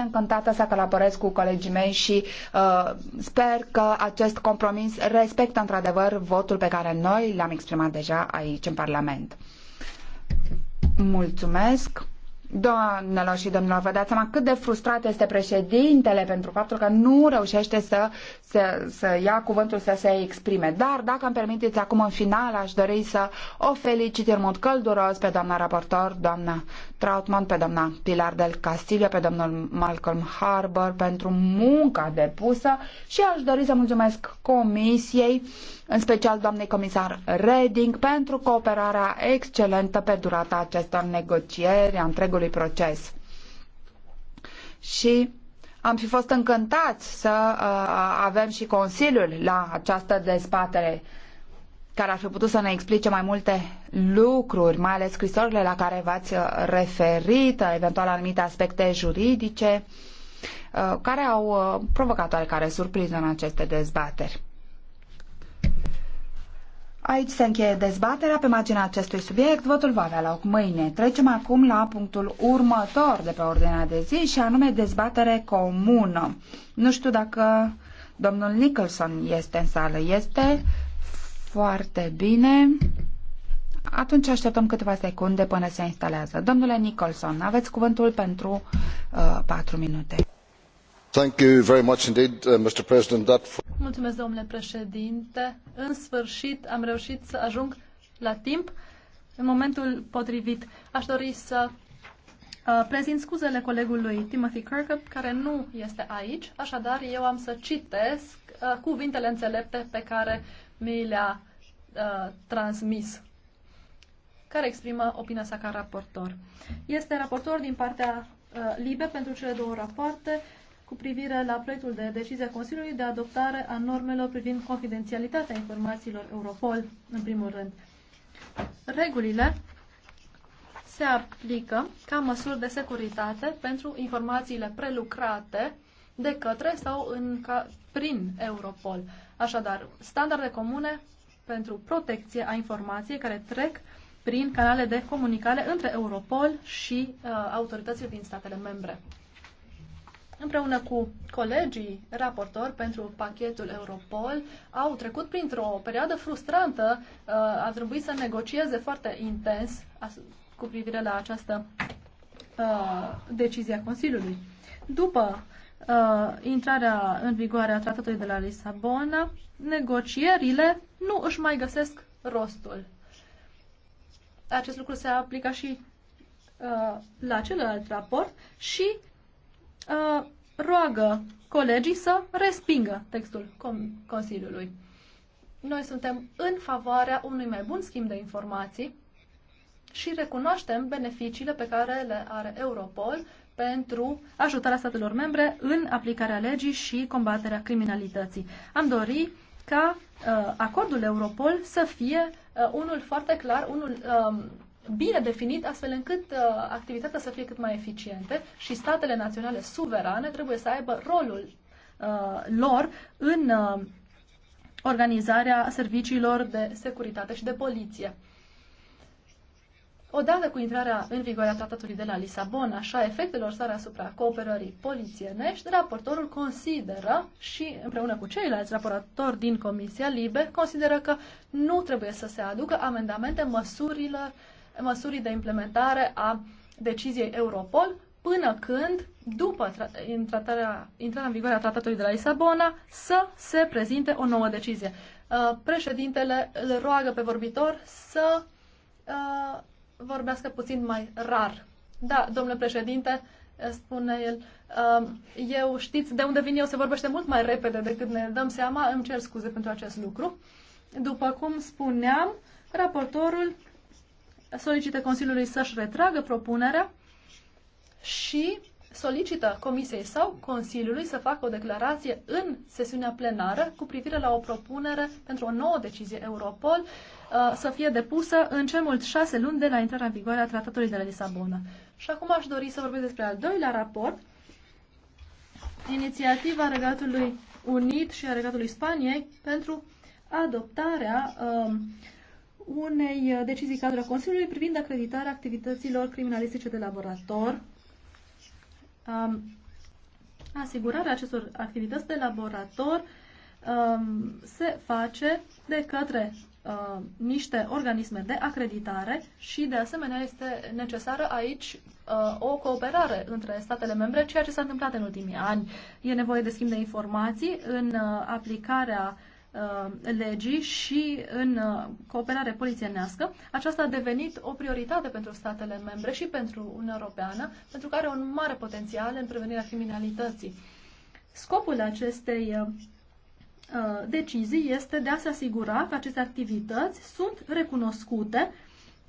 încântată să colaborez cu colegii mei și uh, sper că acest compromis respectă într-adevăr votul pe care noi l-am exprimat deja aici în Parlament. Mulțumesc! Doamnelor și domnilor, vă dați seama cât de frustrat este președintele pentru faptul că nu reușește să, să, să ia cuvântul să se exprime. Dar, dacă îmi permiteți, acum în final aș dori să o felicit în mod călduros pe doamna raportor, doamna Trautmann, pe doamna Pilar del Castillo, pe domnul Malcolm Harbour pentru munca depusă și aș dori să mulțumesc comisiei uh, în special doamnei comisar Reding, pentru cooperarea excelentă pe durata acestor negocieri, a întregului proces. Și am fi fost încântați să uh, avem și Consiliul la această dezbatere care ar fi putut să ne explice mai multe lucruri, mai ales scrisorile la care v-ați uh, referit, eventual anumite aspecte juridice, uh, care au provocat oarecare surpriză în aceste dezbateri. Aici se încheie dezbaterea pe marginea acestui subiect. Votul va avea loc mâine. Trecem acum la punctul următor de pe ordinea de zi și anume dezbatere comună. Nu știu dacă domnul Nicholson este în sală. Este foarte bine. Atunci așteptăm câteva secunde până se instalează. Domnule Nicholson, aveți cuvântul pentru uh, 4 minute. Uh, Mulțumesc, domnule președinte. În sfârșit am reușit să ajung la timp, în momentul potrivit. Aș dori să uh, prezint scuzele colegului Timothy Kirkup, care nu este aici, așadar eu am să citesc uh, cuvintele înțelepte pe care mi le-a transmis care exprimă opinia sa ca raportor. Este raportor din partea uh, LIBE pentru cele două rapoarte, cu privire la proiectul de decizie a Consiliului de adoptare a normelor privind confidențialitatea informațiilor Europol, în primul rând. Regulile se aplică ca măsuri de securitate pentru informațiile prelucrate de către sau în, ca, prin Europol. Așadar, standarde comune pentru protecție a informației care trec prin canale de comunicare între Europol și uh, autoritățile din statele membre împreună cu colegii raportori pentru pachetul Europol, au trecut printr-o perioadă frustrantă. Uh, a trebuit să negocieze foarte intens cu privire la această uh, decizie a Consiliului. După uh, intrarea în vigoare a tratatului de la Lisabona, negocierile nu își mai găsesc rostul. Acest lucru se aplică și uh, la celălalt raport și uh, roagă colegii să respingă textul Consiliului. Noi suntem în favoarea unui mai bun schimb de informații și recunoaștem beneficiile pe care le are Europol pentru ajutarea statelor membre în aplicarea legii și combaterea criminalității. Am dori ca uh, acordul Europol să fie uh, unul foarte clar, unul uh, bine definit, astfel încât uh, activitatea să fie cât mai eficientă, și statele naționale suverane trebuie să aibă rolul uh, lor în uh, organizarea serviciilor de securitate și de poliție. Odată cu intrarea în vigoare a tratatului de la Lisabona și a efectelor sale asupra cooperării polițienești, raportorul consideră și împreună cu ceilalți raportori din Comisia Libe, consideră că nu trebuie să se aducă amendamente măsurilor uh, măsurii de implementare a deciziei Europol până când, după intrarea, intrarea în vigoare a tratatului de la Lisabona, să se prezinte o nouă decizie. Uh, președintele îl roagă pe vorbitor să uh, vorbească puțin mai rar. Da, domnule președinte, uh, spune el, eu știți de unde vin eu se vorbește mult mai repede decât ne dăm seama, îmi cer scuze pentru acest lucru. După cum spuneam, raportorul solicită Consiliului să-și retragă propunerea și solicită Comisiei sau Consiliului să facă o declarație în sesiunea plenară cu privire la o propunere pentru o nouă decizie Europol uh, să fie depusă în cel mult șase luni de la intrarea în vigoare a Tratatului de la Lisabona. Și acum aș dori să vorbesc despre al doilea raport, inițiativa Regatului Unit și a Regatului Spaniei pentru adoptarea uh, unei uh, decizii cadră Consiliului privind acreditarea activităților criminalistice de laborator, um, asigurarea acestor activități de laborator um, se face de către uh, niște organisme de acreditare și, de asemenea, este necesară aici uh, o cooperare între statele membre, ceea ce s-a întâmplat în ultimii ani. E nevoie de schimb de informații în uh, aplicarea uh, Uh, legii și în uh, cooperare polițienească, aceasta a devenit o prioritate pentru statele membre și pentru Uniunea Europeană, pentru că are un mare potențial în prevenirea criminalității. Scopul acestei uh, decizii este de a se asigura că aceste activități sunt recunoscute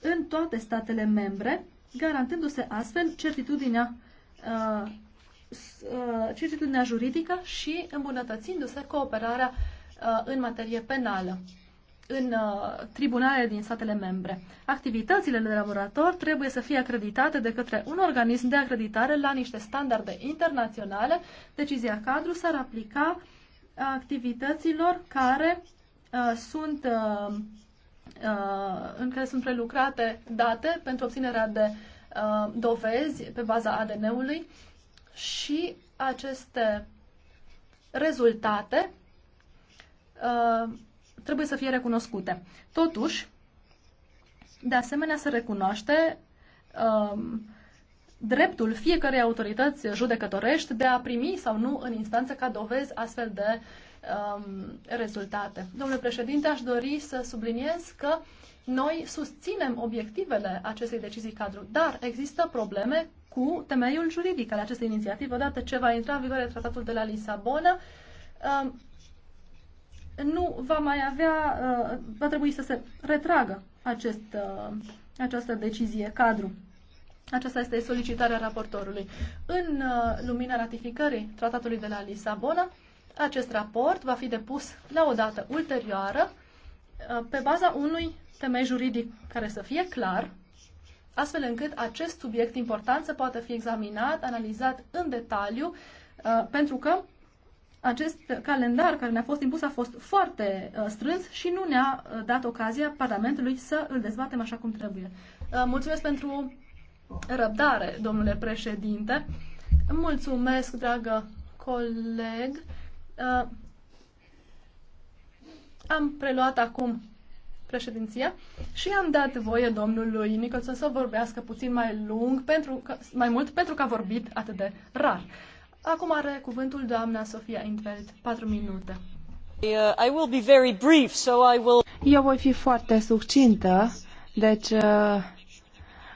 în toate statele membre, garantându-se astfel certitudinea certitudinea juridică și îmbunătățindu-se cooperarea uh, Uh, în materie penală în uh, tribunalele tribunale din statele membre. Activitățile de laborator trebuie să fie acreditate de către un organism de acreditare la niște standarde internaționale. Decizia cadru s-ar aplica activităților care uh, sunt uh, uh în care sunt prelucrate date pentru obținerea de dovezi pe baza ADN-ului și aceste rezultate Uh, trebuie să fie recunoscute. Totuși, de asemenea, se recunoaște uh, dreptul fiecărei autorități judecătorești de a primi sau nu în instanță ca dovezi astfel de um, rezultate. Domnule președinte, aș dori să subliniez că noi susținem obiectivele acestei decizii cadru, dar există probleme cu temeiul juridic al acestei inițiative. Odată ce va intra în vigoare tratatul de la Lisabona, um, nu va mai avea, uh, va trebui să se retragă acest, uh, această decizie cadru. Aceasta este solicitarea raportorului. În uh, lumina ratificării tratatului de la Lisabona, acest raport va fi depus la o dată ulterioară pe baza unui temei juridic care să fie clar, astfel încât acest subiect important să poată fi examinat, analizat în detaliu, pentru că acest calendar care ne-a fost impus a fost foarte uh, strâns și nu ne-a uh, dat ocazia Parlamentului să îl dezbatem așa cum trebuie. Uh, mulțumesc pentru răbdare, domnule președinte. Mulțumesc, dragă coleg. Uh, am preluat acum președinția și am dat voie domnului Nicholson să vorbească puțin mai lung, pentru că, mai mult, pentru că a vorbit atât de rar. Acum are cuvântul doamna Sofia Intveld, 4 minute. Uh, I will be very brief, so I will... Eu voi fi foarte succintă, deci uh,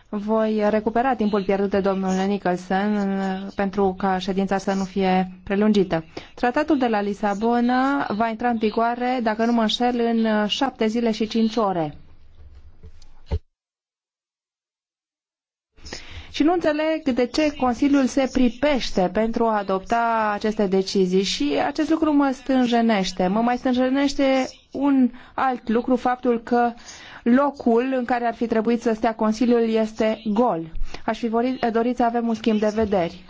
voi recupera timpul pierdut de domnul Nicholson pentru ca ședința să nu fie prelungită. Tratatul de la Lisabona va intra în vigoare, dacă nu mă înșel, în uh, șapte zile și cinci ore. și nu înțeleg de ce Consiliul se pripește pentru a adopta aceste decizii și acest lucru mă stânjenește. Mă mai stânjenește un alt lucru, faptul că locul în care ar fi trebuit să stea Consiliul este gol. Aș fi dorit să avem un schimb de vederi.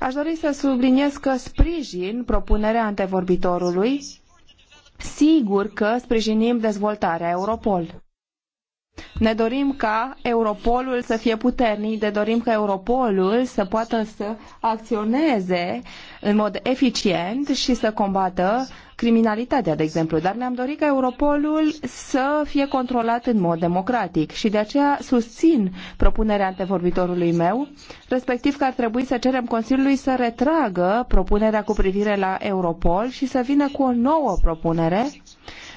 Aș dori să subliniez că sprijin propunerea antevorbitorului. Sigur că sprijinim dezvoltarea Europol. Ne dorim ca Europolul să fie puternic, ne dorim ca Europolul să poată să acționeze în mod eficient și să combată criminalitatea, de exemplu, dar ne-am dorit ca Europolul să fie controlat în mod democratic și de aceea susțin propunerea antevorbitorului meu, respectiv că ar trebui să cerem Consiliului să retragă propunerea cu privire la Europol și să vină cu o nouă propunere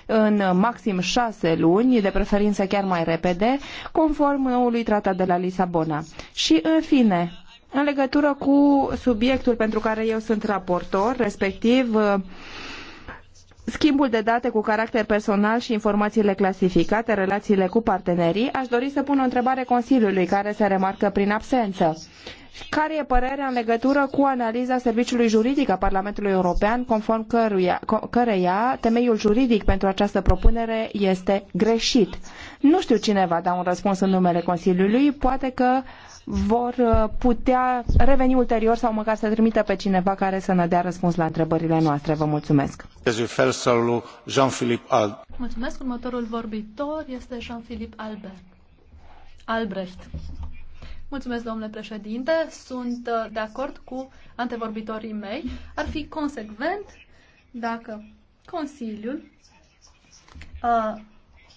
în maxim șase luni, de preferință chiar mai repede, conform noului tratat de la Lisabona. Și, în fine, în legătură cu subiectul pentru care eu sunt raportor, respectiv uh, schimbul de date cu caracter personal și informațiile clasificate, relațiile cu partenerii, aș dori să pun o întrebare Consiliului care se remarcă prin absență. Care e părerea în legătură cu analiza Serviciului Juridic a Parlamentului European, conform căruia, căreia temeiul juridic pentru această propunere este greșit? Nu știu cine va da un răspuns în numele Consiliului, poate că vor uh, putea reveni ulterior sau măcar să trimită pe cineva care să ne dea răspuns la întrebările noastre. Vă mulțumesc. Mulțumesc. Următorul vorbitor este Jean-Philippe Albrecht. Mulțumesc, domnule președinte. Sunt uh, de acord cu antevorbitorii mei. Ar fi consecvent dacă Consiliul uh,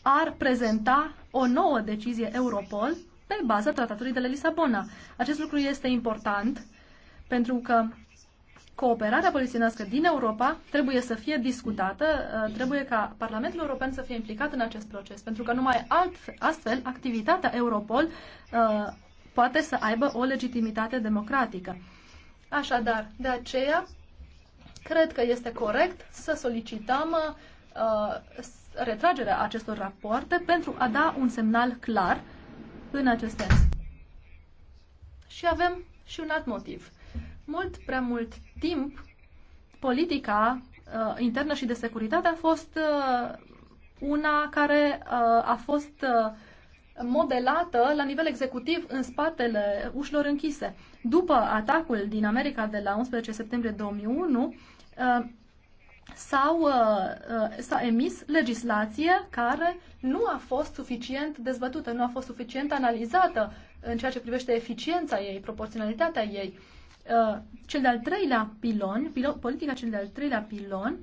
ar prezenta o nouă decizie Europol pe baza tratatului de la Lisabona. Acest lucru este important pentru că cooperarea polițienească din Europa trebuie să fie discutată, uh, trebuie ca Parlamentul European să fie implicat în acest proces, pentru că numai alt, astfel activitatea Europol uh, poate să aibă o legitimitate democratică. Așadar, de aceea, cred că este corect să solicităm uh, retragerea acestor rapoarte pentru a da un semnal clar în acest sens. Și avem și un alt motiv. Mult prea mult timp, politica uh, internă și de securitate a fost uh, una care uh, a fost uh, modelată la nivel executiv în spatele ușilor închise. După atacul din America de la 11 septembrie 2001, uh, s-au, uh, uh, s-a emis legislație care nu a fost suficient dezbătută, nu a fost suficient analizată în ceea ce privește eficiența ei, proporționalitatea ei. Cel de-al treilea pilon, pilon politica cel de-al treilea pilon,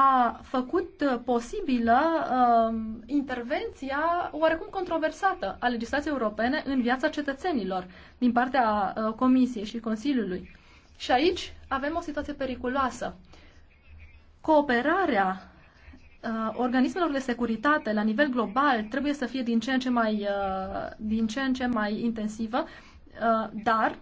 a făcut uh, posibilă uh, intervenția oarecum controversată a legislației europene în viața cetățenilor din partea uh, Comisiei și Consiliului. Și aici avem o situație periculoasă. Cooperarea uh, organismelor de securitate la nivel global trebuie să fie din ce în ce mai, uh, din ce în ce mai intensivă, uh, dar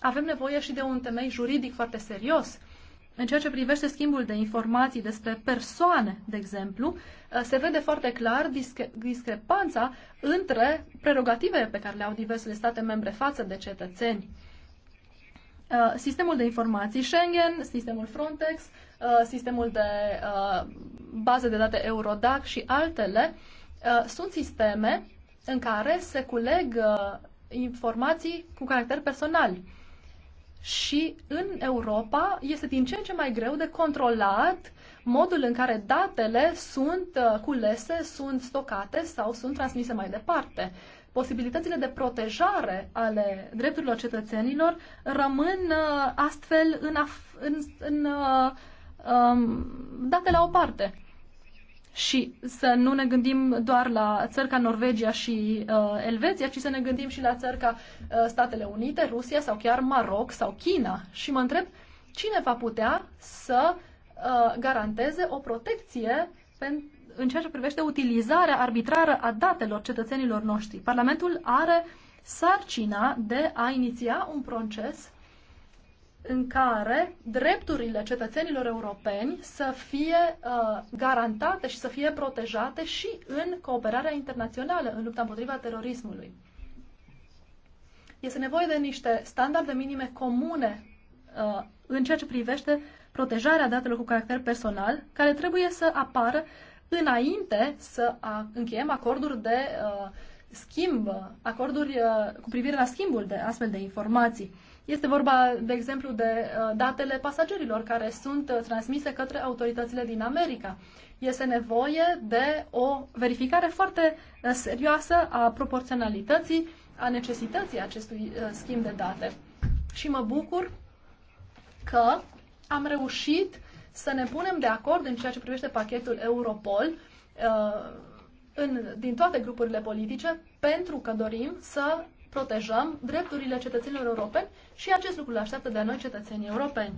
avem nevoie și de un temei juridic foarte serios uh, în ceea ce privește schimbul de informații despre persoane, de exemplu, uh, se vede foarte clar discre- discrepanța între prerogativele pe care le au diversele state membre față de cetățeni. Uh, sistemul de informații Schengen, sistemul Frontex, uh, sistemul de baze de date Eurodac și altele sunt sisteme în care se culeg informații cu caracter personal și în Europa este din ce în ce mai greu de controlat modul în care datele sunt uh, culese, sunt stocate sau sunt transmise mai departe. Posibilitățile de protejare ale drepturilor cetățenilor rămân uh, astfel în, af- în, în uh, um, date la o parte și să nu ne gândim doar la țări ca Norvegia și uh, Elveția, ci să ne gândim și la țări ca uh, Statele Unite, Rusia sau chiar Maroc sau China. Și mă întreb cine va putea să uh, garanteze o protecție pentru în ceea ce privește utilizarea arbitrară a datelor cetățenilor noștri. Parlamentul are sarcina de a iniția un proces în care drepturile cetățenilor europeni să fie uh, garantate și să fie protejate și în cooperarea internațională în lupta împotriva terorismului. Este nevoie de niște standarde minime comune uh, în ceea ce privește protejarea datelor cu caracter personal, care trebuie să apară înainte să încheiem acorduri de uh, schimb, acorduri uh, cu privire la schimbul de astfel de informații. Este vorba, de exemplu, de uh, datele pasagerilor care sunt uh, transmise către autoritățile din America. Este nevoie de o verificare foarte uh, serioasă a proporționalității, a necesității acestui schimb de date. Și mă bucur că am reușit să ne punem de acord în ceea ce privește pachetul Europol în, din toate grupurile politice pentru că dorim să protejăm drepturile cetățenilor europeni și acest lucru le așteaptă de noi cetățenii europeni.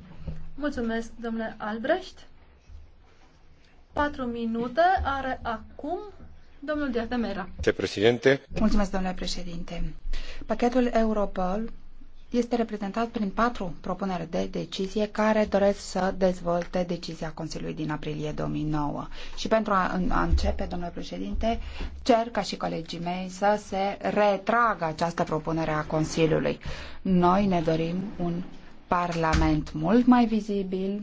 Mulțumesc, domnule Albrecht. Patru minute are acum domnul Diatemera. Mulțumesc, domnule președinte. Pachetul Europol este reprezentat prin patru propuneri de decizie care doresc să dezvolte decizia Consiliului din aprilie 2009. Și pentru a, a începe, domnule președinte, cer ca și colegii mei să se retragă această propunere a Consiliului. Noi ne dorim un Parlament mult mai vizibil,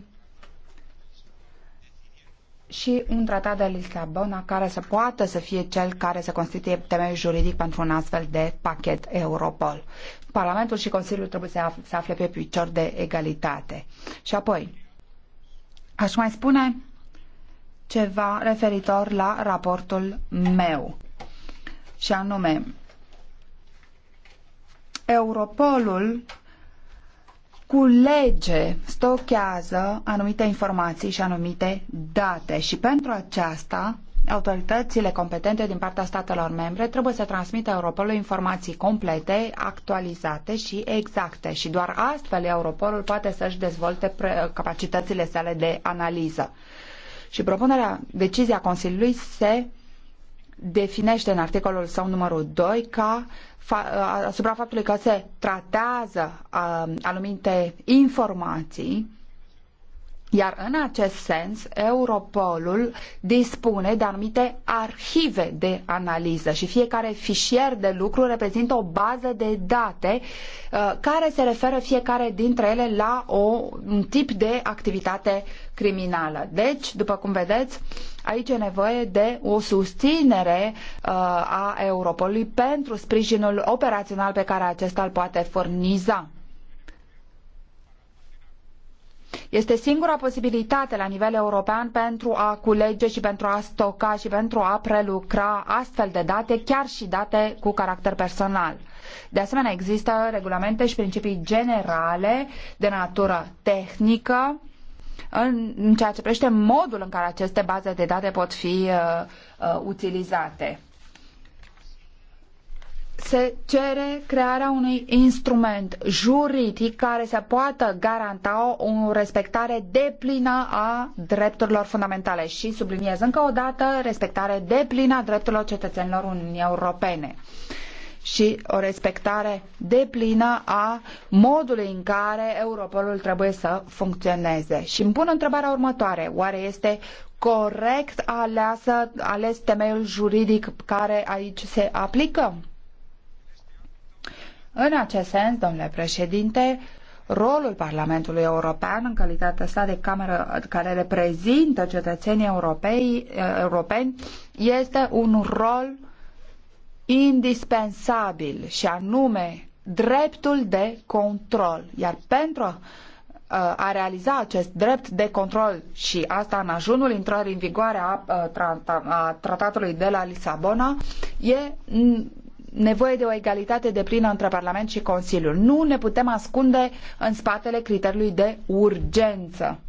și un tratat de Lisabona care să poată să fie cel care să constituie temeiul juridic pentru un astfel de pachet Europol. Parlamentul și Consiliul trebuie să, af- să afle pe picior de egalitate. Și apoi, aș mai spune ceva referitor la raportul meu. Și anume, Europolul culege, stochează anumite informații și anumite date și pentru aceasta autoritățile competente din partea statelor membre trebuie să transmită Europolului informații complete, actualizate și exacte și doar astfel Europolul poate să-și dezvolte capacitățile sale de analiză. Și propunerea, decizia Consiliului se definește în articolul său numărul 2 ca uh, asupra faptului că se tratează anumite informații iar în acest sens, Europolul dispune de anumite arhive de analiză și fiecare fișier de lucru reprezintă o bază de date care se referă fiecare dintre ele la o, un tip de activitate criminală. Deci, după cum vedeți, Aici e nevoie de o susținere uh, a Europolului pentru sprijinul operațional pe care acesta îl poate furniza. Este singura posibilitate la nivel european pentru a culege și pentru a stoca și pentru a prelucra astfel de date, chiar și date cu caracter personal. De asemenea, există regulamente și principii generale de natură tehnică în ceea ce privește modul în care aceste baze de date pot fi uh, uh, utilizate. Se cere crearea unui instrument juridic care să poată garanta o respectare deplină a drepturilor fundamentale și subliniez încă o dată respectare deplină a drepturilor cetățenilor Uniunii Europene. Uh, și o respectare deplină a modului în care Europolul trebuie să funcționeze. Și îmi pun întrebarea următoare. Oare este corect aleasă, ales temeiul juridic care aici se aplică? În acest sens, domnule președinte, rolul Parlamentului European în calitatea sa de cameră care reprezintă cetățenii europei, eh, europeni este un rol indispensabil și anume dreptul de control. Iar pentru uh, a realiza acest drept de control și asta în ajunul intrării în vigoare a, uh, a tratatului de la Lisabona, e nevoie de o egalitate deplină între Parlament și Consiliu. Nu ne putem ascunde în spatele criteriului de urgență.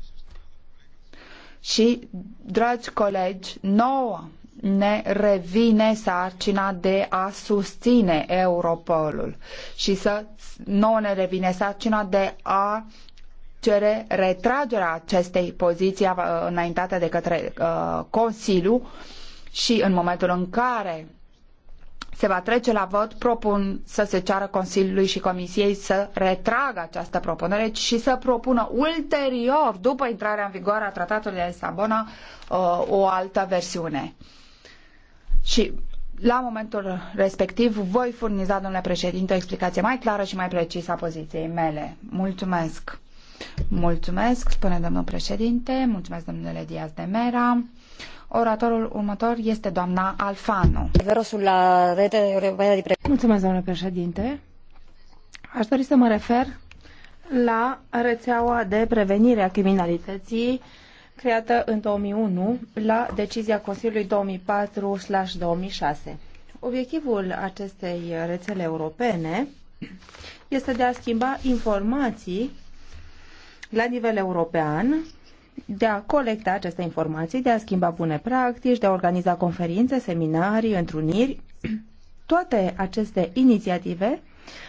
Și, dragi colegi, nouă ne revine sarcina de a susține Europolul și să nouă ne revine sarcina de a cere retragerea acestei poziții înaintate de către uh, Consiliu și în momentul în care se va trece la vot, propun să se ceară Consiliului și Comisiei să retragă această propunere și să propună ulterior, după intrarea în vigoare a Tratatului de Lisabona, uh, o altă versiune. Și la momentul respectiv voi furniza, domnule președinte, o explicație mai clară și mai precisă a poziției mele. Mulțumesc! Mulțumesc, spune domnul președinte, mulțumesc domnule Diaz de Mera. Oratorul următor este doamna Alfano. Mulțumesc, domnule președinte. Aș dori să mă refer la rețeaua de prevenire a criminalității creată în 2001 la decizia Consiliului 2004-2006. Obiectivul acestei rețele europene este de a schimba informații la nivel european, de a colecta aceste informații, de a schimba bune practici, de a organiza conferințe, seminarii, întruniri. Toate aceste inițiative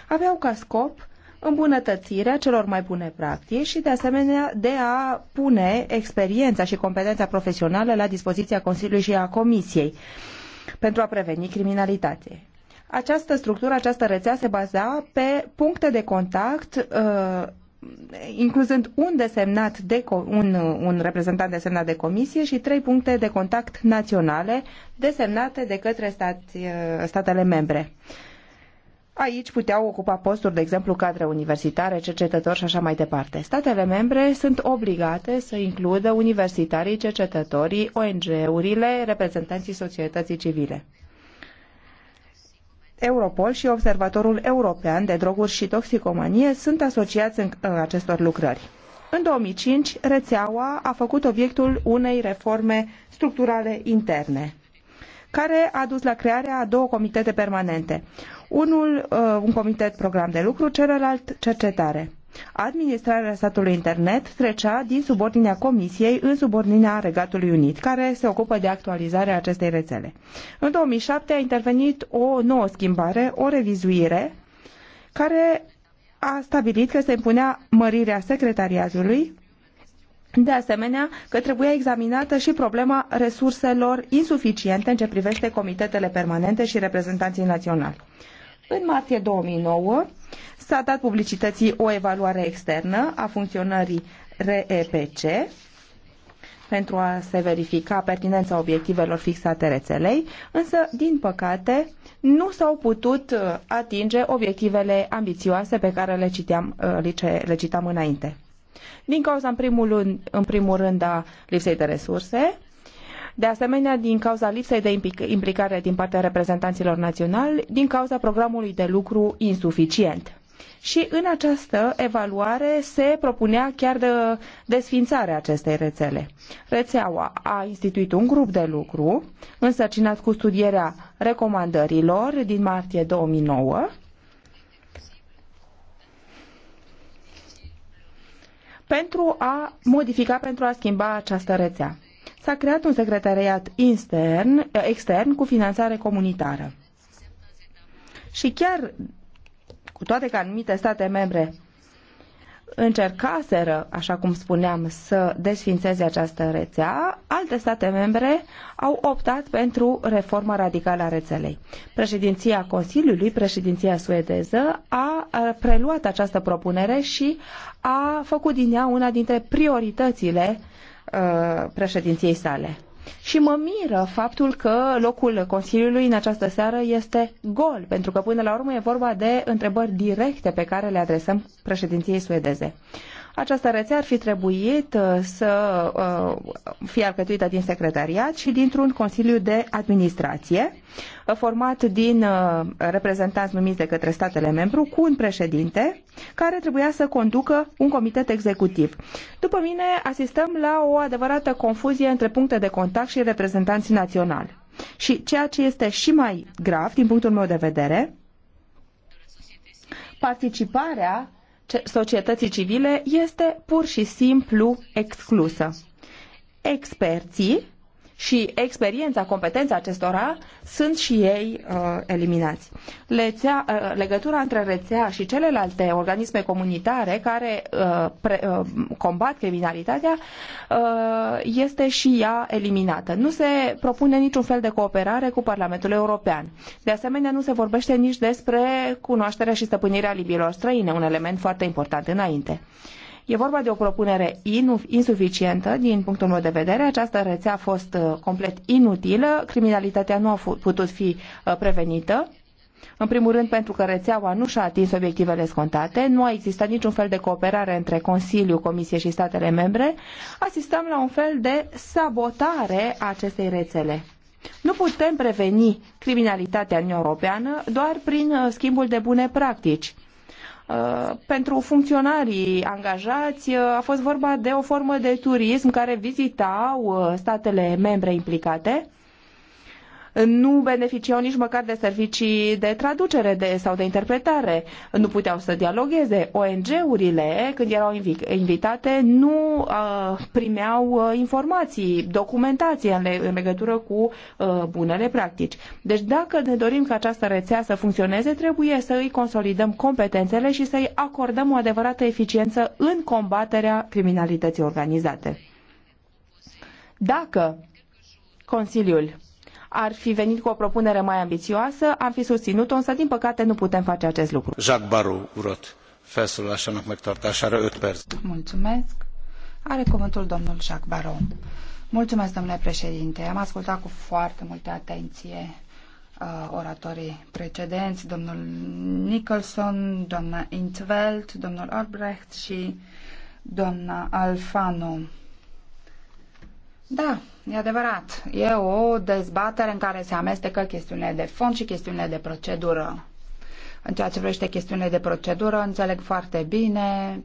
aveau ca scop îmbunătățirea celor mai bune practici și, de asemenea, de a pune experiența și competența profesională la dispoziția Consiliului și a Comisiei pentru a preveni criminalitate. Această structură, această rețea se baza pe puncte de contact uh, incluzând un desemnat de un, uh, un reprezentant desemnat de comisie și trei puncte de contact naționale desemnate de către stat, uh, statele membre. Aici puteau ocupa posturi, de exemplu, cadre universitare, cercetători și așa mai departe. Statele membre sunt obligate să includă universitarii, cercetătorii, ONG-urile, reprezentanții societății civile. Europol și Observatorul European de Droguri și Toxicomanie sunt asociați în, în acestor lucrări. În 2005, rețeaua a făcut obiectul unei reforme structurale interne care a dus la crearea a două comitete permanente. Unul, uh, un comitet program de lucru, celălalt cercetare. Administrarea statului internet trecea din subordinea Comisiei în subordinea Regatului Unit, care se ocupă de actualizarea acestei rețele. În 2007 a intervenit o nouă schimbare, o revizuire, care a stabilit că se impunea mărirea secretariatului, de asemenea că trebuia examinată și problema resurselor insuficiente în ce privește comitetele permanente și reprezentanții naționali. În martie 2009 s-a dat publicității o evaluare externă a funcționării REPC pentru a se verifica pertinența obiectivelor fixate rețelei, însă, din păcate, nu s-au putut uh, atinge obiectivele ambițioase pe care le, citeam, uh, le citam înainte. Din cauza, în primul, în primul rând, a lipsei de resurse, de asemenea, din cauza lipsei de implicare din partea reprezentanților naționali, din cauza programului de lucru insuficient. Și în această evaluare se propunea chiar de desfințarea acestei rețele. Rețeaua a instituit un grup de lucru însărcinat cu studierea recomandărilor din martie 2009 pentru a modifica, pentru a schimba această rețea s-a creat un secretariat intern, extern cu finanțare comunitară. Și chiar cu toate că anumite state membre încercaseră, așa cum spuneam, să desfințeze această rețea, alte state membre au optat pentru reforma radicală a rețelei. Președinția Consiliului, președinția suedeză, a preluat această propunere și a făcut din ea una dintre prioritățile Uh, președinției sale. Și mă miră faptul că locul Consiliului în această seară este gol, pentru că până la urmă e vorba de întrebări directe pe care le adresăm președinției suedeze. Această rețea ar fi trebuit uh, să uh, fie alcătuită din secretariat și dintr-un Consiliu de Administrație uh, format din reprezentanți numiți de către statele membru cu un președinte care trebuia să conducă un comitet executiv. După mine, asistăm la o adevărată confuzie între puncte de contact și reprezentanți naționali. Și ceea ce este și mai grav din punctul meu de vedere, participarea societății civile este pur și simplu exclusă. Experții și experiența, competența acestora, sunt și ei uh, eliminați. Lețea, uh, legătura între rețea și celelalte organisme comunitare care uh, pre, uh, combat criminalitatea uh, este și ea eliminată. Nu se propune niciun fel de cooperare cu Parlamentul European. De asemenea, nu se vorbește nici despre cunoașterea și stăpânirea libilor străine, un element foarte important înainte. Uh, E vorba de o propunere insuficientă din punctul meu de vedere. Această rețea a fost uh, complet inutilă, criminalitatea nu a putut fi uh, prevenită. În primul rând pentru că rețeaua nu și-a atins obiectivele scontate, nu a existat niciun fel de cooperare între Consiliu, Comisie și statele membre, asistăm la un fel de sabotare a acestei rețele. Nu putem preveni criminalitatea în Europeană doar prin uh, schimbul de bune practici Uh, pentru funcționarii angajați uh, a fost vorba de o formă de turism care vizitau uh, statele membre implicate nu beneficiau nici măcar de servicii de traducere de, sau de interpretare. Nu puteau să dialogueze. ONG-urile, când erau invitate, nu uh, primeau uh, informații, documentație în, le, în legătură cu uh, bunele practici. Deci dacă ne dorim ca această rețea să funcționeze, trebuie să îi consolidăm competențele și să îi acordăm o adevărată eficiență în combaterea criminalității organizate. Dacă Consiliul ar fi venit cu o propunere mai ambițioasă, am fi susținut-o, însă din păcate nu putem face acest lucru. Jacques Baru, urât. așa are 8 perc. Mulțumesc. Are cuvântul domnul Jacques Baron. Mulțumesc, domnule președinte. Am ascultat cu foarte multă atenție uh, oratorii precedenți, domnul Nicholson, doamna Intveld, domnul Albrecht și doamna Alfano. Da, e adevărat. E o dezbatere în care se amestecă chestiunile de fond și chestiunile de procedură. În ceea ce vrește chestiunile de procedură, înțeleg foarte bine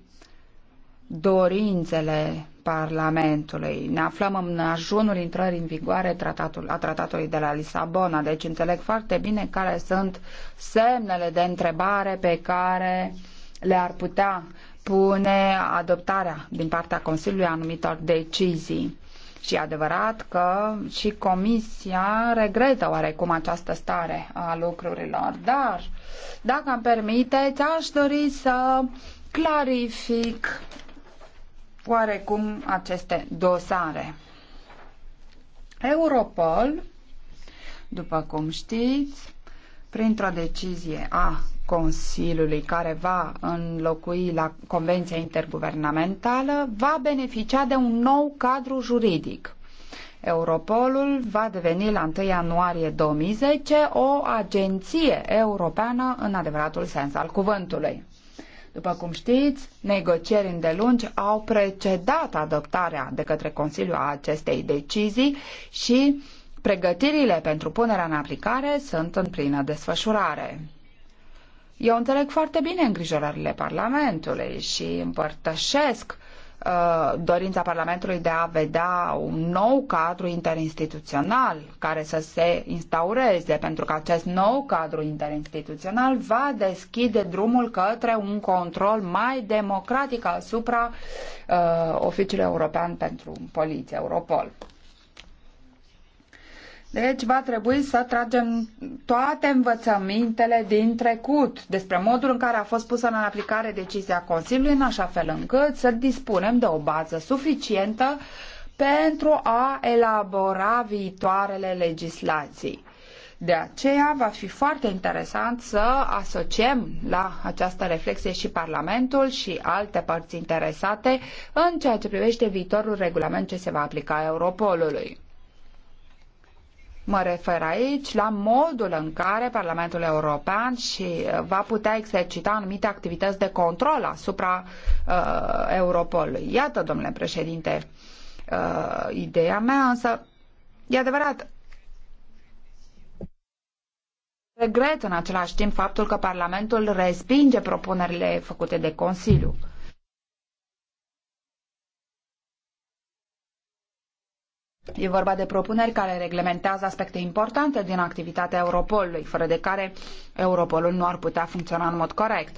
dorințele Parlamentului. Ne aflăm în ajunul intrării în vigoare tratatul, a tratatului de la Lisabona, deci înțeleg foarte bine care sunt semnele de întrebare pe care le-ar putea pune adoptarea din partea Consiliului anumitor decizii. Și e adevărat că și Comisia regretă oarecum această stare a lucrurilor, dar dacă îmi permiteți, aș dori să clarific oarecum aceste dosare. Europol, după cum știți, printr-o decizie a Consiliului care va înlocui la Convenția Interguvernamentală va beneficia de un nou cadru juridic. Europolul va deveni la 1 ianuarie 2010 o agenție europeană în adevăratul sens al cuvântului. După cum știți, negocieri îndelungi au precedat adoptarea de către Consiliu a acestei decizii și pregătirile pentru punerea în aplicare sunt în plină desfășurare. Eu înțeleg foarte bine îngrijorările Parlamentului și împărtășesc uh, dorința Parlamentului de a vedea un nou cadru interinstituțional care să se instaureze, pentru că acest nou cadru interinstituțional va deschide drumul către un control mai democratic asupra uh, Oficiului European pentru Poliție, Europol. Deci va trebui să tragem toate învățămintele din trecut despre modul în care a fost pusă în aplicare decizia Consiliului, în așa fel încât să dispunem de o bază suficientă pentru a elabora viitoarele legislații. De aceea va fi foarte interesant să asociem la această reflexie și Parlamentul și alte părți interesate în ceea ce privește viitorul regulament ce se va aplica Europolului. Mă refer aici la modul în care Parlamentul European și uh, va putea exercita anumite activități de control asupra uh, Europolului. Iată, domnule președinte, uh, ideea mea, însă, e adevărat, regret în același timp faptul că Parlamentul respinge propunerile făcute de Consiliu. E vorba de propuneri care reglementează aspecte importante din activitatea Europolului, fără de care Europolul nu ar putea funcționa în mod corect.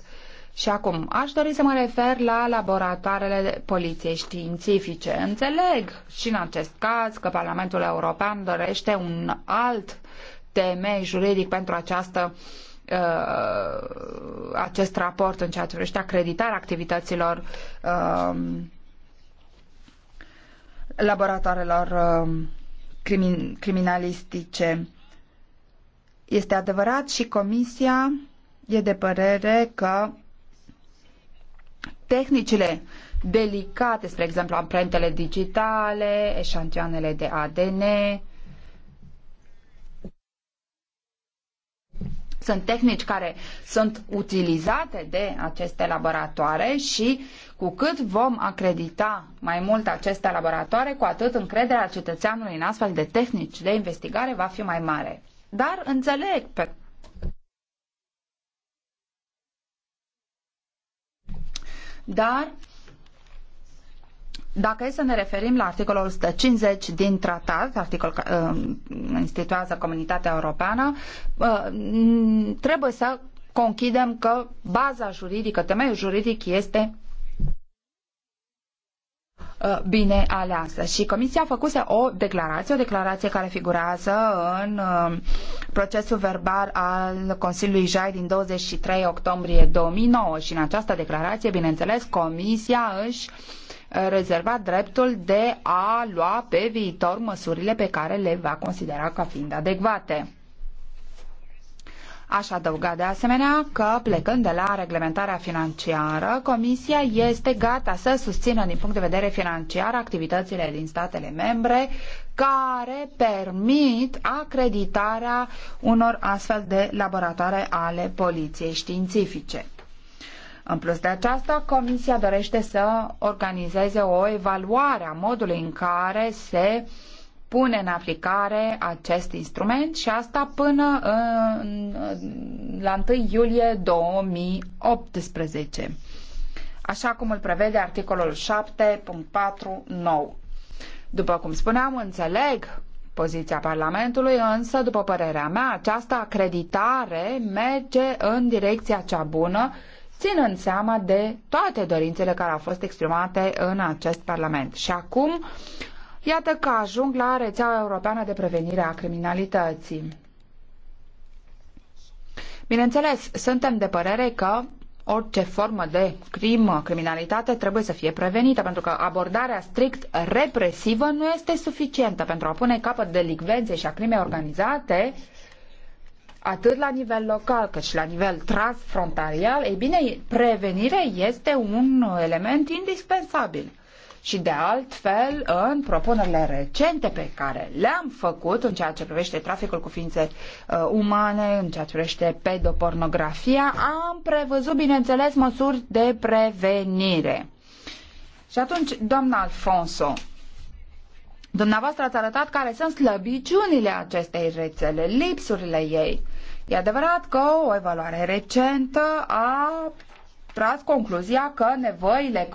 Și acum, aș dori să mă refer la laboratoarele poliției științifice. Înțeleg și în acest caz că Parlamentul European dorește un alt temei juridic pentru această uh, acest raport în ceea ce privește acreditarea activităților uh, laboratoarelor um, crimin criminalistice. Este adevărat și Comisia e de părere că tehnicile delicate, spre exemplu amprentele digitale, eșantioanele de ADN, Sunt tehnici care sunt utilizate de aceste laboratoare și cu cât vom acredita mai mult aceste laboratoare, cu atât încrederea cetățeanului în astfel de tehnici de investigare va fi mai mare. Dar înțeleg pe dar dacă e să ne referim la articolul 150 din tratat, articol care uh, instituează Comunitatea Europeană, uh, trebuie să conchidem că baza juridică, temeiul juridic este uh, bine aleasă. Și Comisia a făcut o declarație, o declarație care figurează în procesul verbal al Consiliului Jai din 23 octombrie 2009 și în această declarație, bineînțeles, Comisia își rezervat dreptul de a lua pe viitor măsurile pe care le va considera ca fiind adecvate. Aș adăuga de asemenea că, plecând de la reglementarea financiară, Comisia este gata să susțină din punct de vedere financiar activitățile din statele membre care permit acreditarea unor astfel de laboratoare ale poliției științifice. În plus de aceasta, Comisia dorește să organizeze o evaluare a modului în care se pune în aplicare acest instrument și asta până în, la 1 iulie 2018, așa cum îl prevede articolul 7.49. După cum spuneam, înțeleg poziția Parlamentului, însă, după părerea mea, această acreditare merge în direcția cea bună ținând seama de toate dorințele care au fost exprimate în acest Parlament. Și acum, iată că ajung la rețeaua europeană de prevenire a criminalității. Bineînțeles, suntem de părere că orice formă de crimă, criminalitate trebuie să fie prevenită, pentru că abordarea strict represivă nu este suficientă pentru a pune capăt delicvenței și a crimei organizate uh, atât la nivel local cât și la nivel transfrontalial, ei bine, prevenirea este un element indispensabil. Și de altfel, în propunerile recente pe care le-am făcut în ceea ce privește traficul cu ființe uh, umane, în ceea ce privește pedopornografia, am prevăzut, bineînțeles, măsuri de prevenire. Și atunci, doamna Alfonso, dumneavoastră ați arătat care sunt slăbiciunile acestei rețele, lipsurile ei. E adevărat că o evaluare recentă a tras concluzia că nevoile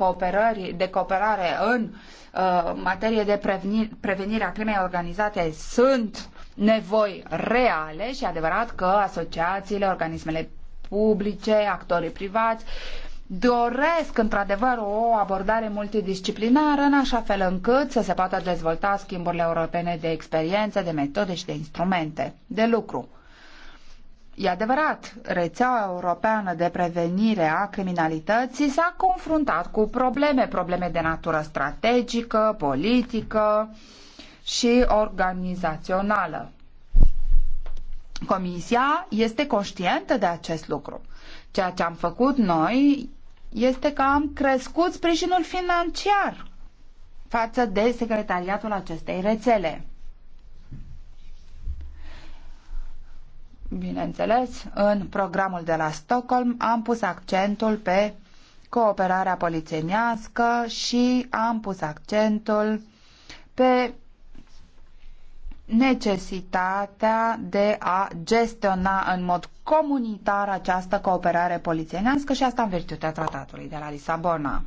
de cooperare în uh, materie de prevenire, prevenire a crimei organizate sunt nevoi reale și adevărat că asociațiile, organismele publice, actorii privați doresc într-adevăr o abordare multidisciplinară în așa fel încât să se poată dezvolta schimburile europene de experiențe, de metode și de instrumente de lucru. E adevărat, rețeaua europeană de prevenire a criminalității s-a confruntat cu probleme, probleme de natură strategică, politică și organizațională. Comisia este conștientă de acest lucru. Ceea ce am făcut noi este că am crescut sprijinul financiar față de secretariatul acestei rețele. Bineînțeles, în programul de la Stockholm am pus accentul pe cooperarea polițenească și am pus accentul pe necesitatea de a gestiona în mod comunitar această cooperare polițenească și asta în virtutea tratatului de la Lisabona.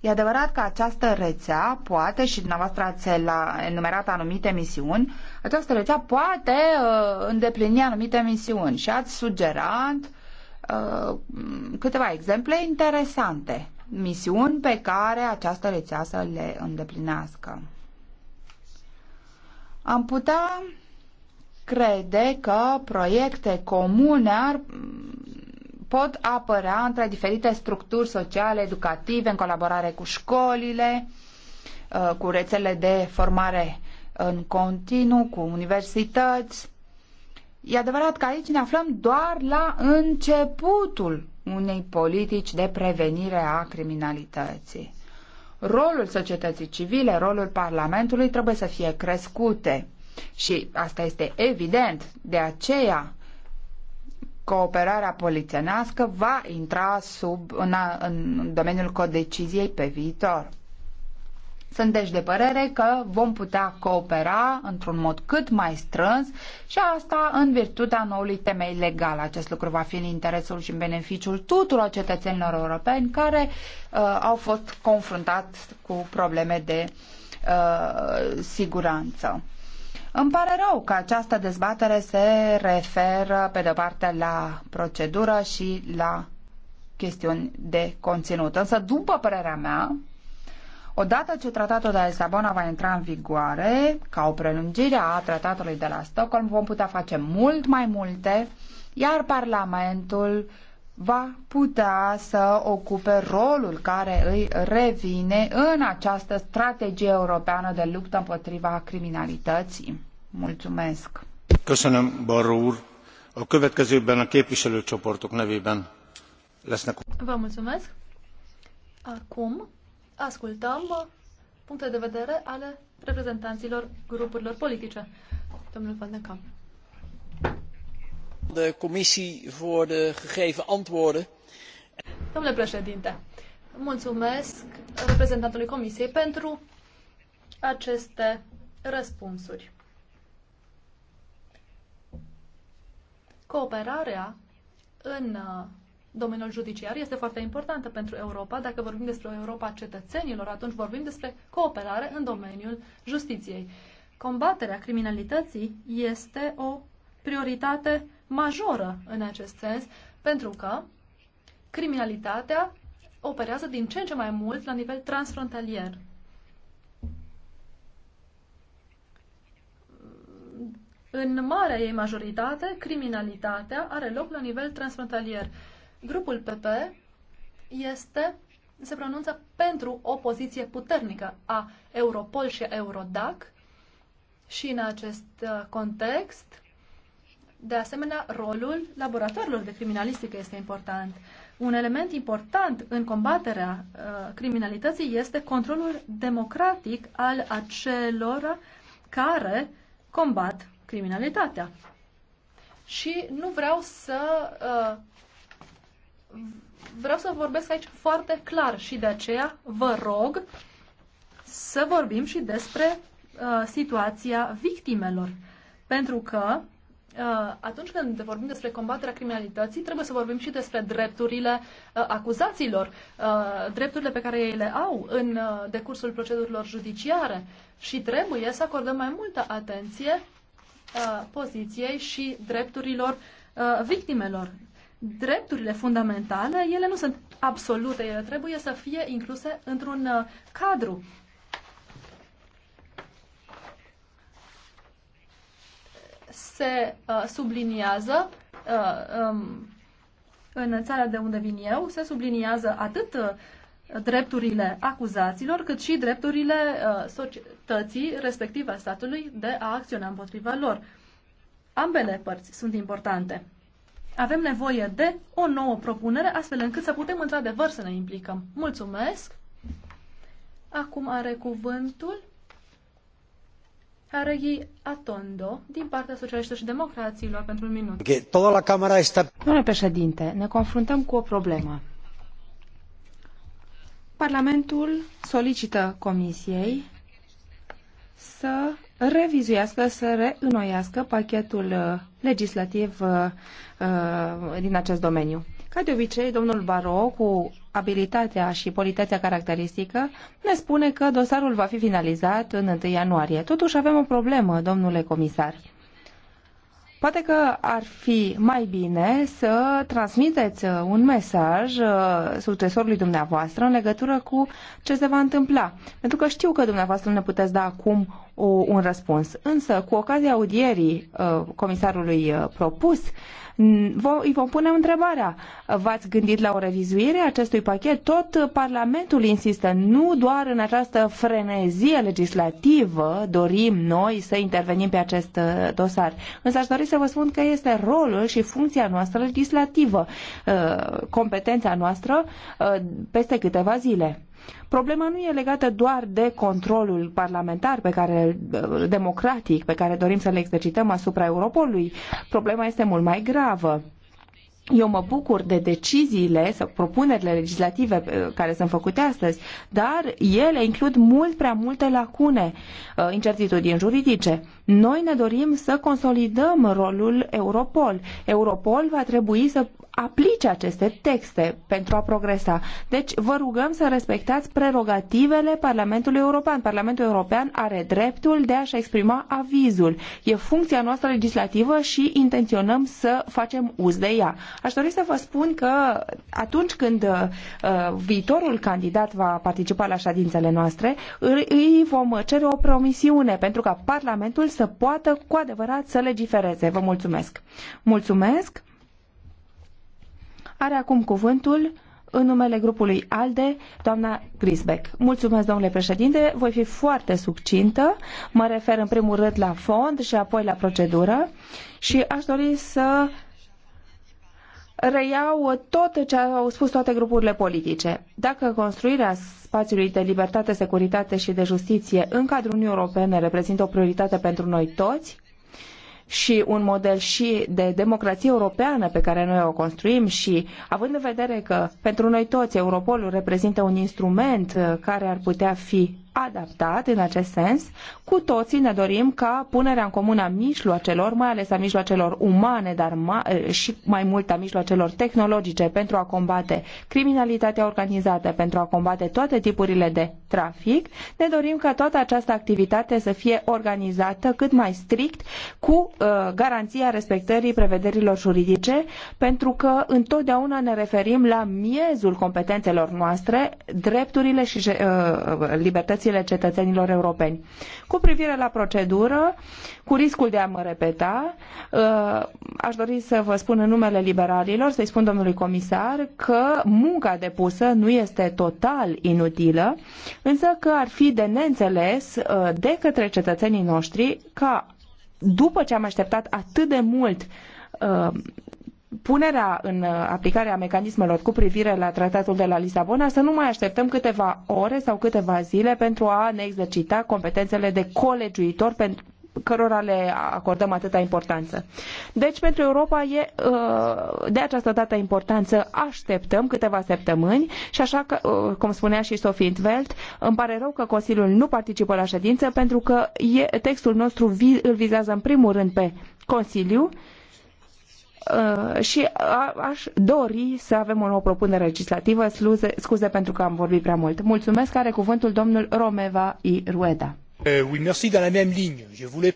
E adevărat că această rețea poate, și dumneavoastră ați enumerat anumite misiuni, această rețea poate uh, îndeplini anumite misiuni și ați sugerat uh, câteva exemple interesante, misiuni pe care această rețea să le îndeplinească. Am putea crede că proiecte comune ar pot apărea între diferite structuri sociale, educative, în colaborare cu școlile, uh, cu rețele de formare în continuu, cu universități. E adevărat că aici ne aflăm doar la începutul unei politici de prevenire a criminalității. Rolul societății civile, rolul Parlamentului trebuie să fie crescute. Și asta este evident. De aceea cooperarea polițienească va intra sub, în, în domeniul codeciziei pe viitor. Sunt deci de părere că vom putea coopera într-un mod cât mai strâns și asta în virtutea noului temei legal. Acest lucru va fi în interesul și în beneficiul tuturor cetățenilor europeni care uh, au fost confruntați cu probleme de uh, siguranță. Îmi pare rău că această dezbatere se referă, pe de-o parte, la procedură și la chestiuni de conținut. Însă, după părerea mea, odată ce tratatul de la Lisabona va intra în vigoare, ca o prelungire a tratatului de la Stockholm, vom putea face mult mai multe, iar Parlamentul uh, va putea să ocupe rolul care îi revine în această strategie europeană de luptă împotriva criminalității. Mulțumesc! Köszönöm, Barró úr! A következőben a képviselőcsoportok nevében lesznek... Vă mulțumesc! Acum ascultăm puncte de vedere ale reprezentanților grupurilor politice. Domnul Van de Kamp de comisie voor de gegeven antwoorden. Domnule președinte, mulțumesc reprezentantului comisiei pentru aceste răspunsuri. Cooperarea în uh, domeniul judiciar este foarte importantă pentru Europa. Dacă vorbim despre Europa cetățenilor, atunci vorbim despre cooperare în domeniul justiției. Combaterea criminalității este o prioritate majoră în acest sens, pentru că criminalitatea operează din ce în ce mai mult la nivel transfrontalier. În marea ei majoritate, criminalitatea are loc la nivel transfrontalier. Grupul PP este, se pronunță pentru o poziție puternică a Europol și a Eurodac și în acest uh, context de asemenea, rolul laboratorilor de criminalistică este important. Un element important în combaterea uh, criminalității este controlul democratic al acelor care combat criminalitatea. Și nu vreau să uh, vreau să vorbesc aici foarte clar și de aceea vă rog să vorbim și despre uh, situația victimelor. Pentru că Uh, atunci când vorbim despre combaterea criminalității, trebuie să vorbim și despre drepturile uh, acuzaților, uh, drepturile pe care ei le au în decursul procedurilor judiciare și trebuie să acordăm mai multă atenție poziției și drepturilor victimelor. Drepturile fundamentale, ele nu sunt absolute, ele trebuie să fie incluse într-un cadru se uh, subliniază uh, um, în țara de unde vin eu, se subliniază atât uh, drepturile acuzaților, cât și drepturile uh, societății, respectiv a statului, de a acționa împotriva lor. Ambele părți sunt importante. Avem nevoie de o nouă propunere, astfel încât să putem într-adevăr să ne implicăm. Mulțumesc! Acum are cuvântul Harry Atondo, din partea Socialiștilor și democrațiilor, pentru un minut. Okay, toda la camera este... Domnule președinte, ne confruntăm cu o problemă. Parlamentul solicită Comisiei să revizuiască, să reînnoiască pachetul legislativ uh, uh, din acest domeniu. Ca de obicei, domnul Baro, cu abilitatea și politatea caracteristică, ne spune că dosarul va fi finalizat în 1 ianuarie. Totuși avem o problemă, domnule comisar. Poate că ar fi mai bine să transmiteți uh, un mesaj uh, succesorului dumneavoastră în legătură cu ce se va întâmpla. Pentru că știu că dumneavoastră ne puteți da acum o, un răspuns. Însă, cu ocazia audierii uh, comisarului uh, propus, îi vom pune întrebarea. V-ați gândit la o revizuire a acestui pachet? Tot Parlamentul insistă, nu doar în această frenezie legislativă dorim noi să intervenim pe acest uh, dosar. Însă aș dori să vă spun că este rolul și funcția noastră legislativă, competența noastră peste câteva zile. Problema nu e legată doar de controlul parlamentar pe care, democratic pe care dorim să l exercităm asupra Europolului. Problema este mult mai gravă. Eu mă bucur de deciziile sau propunerile legislative uh, care sunt făcute astăzi, dar ele includ mult prea multe lacune, uh, incertitudini juridice. Noi ne dorim să consolidăm rolul Europol. Europol va trebui să aplice aceste texte pentru a progresa. Deci vă rugăm să respectați prerogativele Parlamentului European. Parlamentul European are dreptul de a-și exprima avizul. E funcția noastră legislativă și intenționăm să facem uz de ea. Aș dori să vă spun că atunci când uh, viitorul candidat va participa la ședințele noastre, îi vom cere o promisiune pentru ca Parlamentul să poată cu adevărat să legifereze. Vă mulțumesc! Mulțumesc! Are acum cuvântul în numele grupului ALDE, doamna Grisbeck. Mulțumesc, domnule președinte, voi fi foarte succintă. Mă refer în primul rând la fond și apoi la procedură și aș dori să reiau tot ce au spus toate grupurile politice. Dacă construirea spațiului de libertate, securitate și de justiție în cadrul Uniunii Europene reprezintă o prioritate pentru noi toți, și un model și de democrație europeană pe care noi o construim și având în vedere că pentru noi toți Europolul reprezintă un instrument care ar putea fi adaptat în acest sens. Cu toții ne dorim ca punerea în comun a mijloacelor, mai ales a mijloacelor umane, dar ma- și mai mult a mijloacelor tehnologice pentru a combate criminalitatea organizată, pentru a combate toate tipurile de trafic. Ne dorim ca toată această activitate să fie organizată cât mai strict cu uh, garanția respectării prevederilor juridice, pentru că întotdeauna ne referim la miezul competențelor noastre, drepturile și uh, libertățile viețile cetățenilor europeni. Cu privire la procedură, cu riscul de a mă repeta, uh, aș dori să vă spun în numele liberalilor, să-i spun domnului comisar, că munca depusă nu este total inutilă, însă că ar fi de neînțeles uh, de către cetățenii noștri ca după ce am așteptat atât de mult uh, punerea în aplicare a mecanismelor cu privire la tratatul de la Lisabona, să nu mai așteptăm câteva ore sau câteva zile pentru a ne exercita competențele de colegiuitor pentru cărora le acordăm atâta importanță. Deci, pentru Europa e uh, de această dată importanță. Așteptăm câteva săptămâni și așa că, uh, cum spunea și Sophie Intveld, îmi pare rău că Consiliul nu participă la ședință pentru că e, textul nostru vi, îl vizează în primul rând pe Consiliu, Uh, și aș dori să avem o nouă propunere legislativă. Sluze, scuze pentru că am vorbit prea mult. Mulțumesc. Are cuvântul domnul Romeva I. Rueda. Uh, oui, merci, dans la même ligne. Je voulais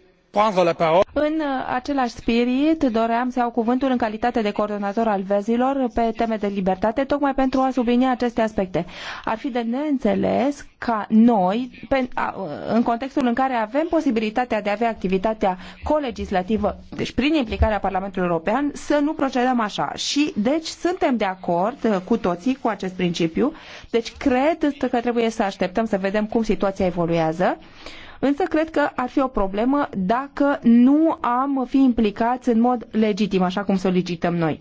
în uh, același spirit, doream să iau cuvântul în calitate de coordonator al vezilor pe teme de libertate, tocmai pentru a sublinia aceste aspecte. Ar fi de neînțeles ca noi, uh, în contextul în care avem posibilitatea de a avea activitatea colegislativă, deci prin implicarea Parlamentului European, să nu procedăm așa. Și, deci, suntem de acord uh, cu toții cu acest principiu. Deci, cred că trebuie să așteptăm să vedem cum situația evoluează. Însă cred că ar fi o problemă dacă nu am fi implicați în mod legitim, așa cum solicităm noi.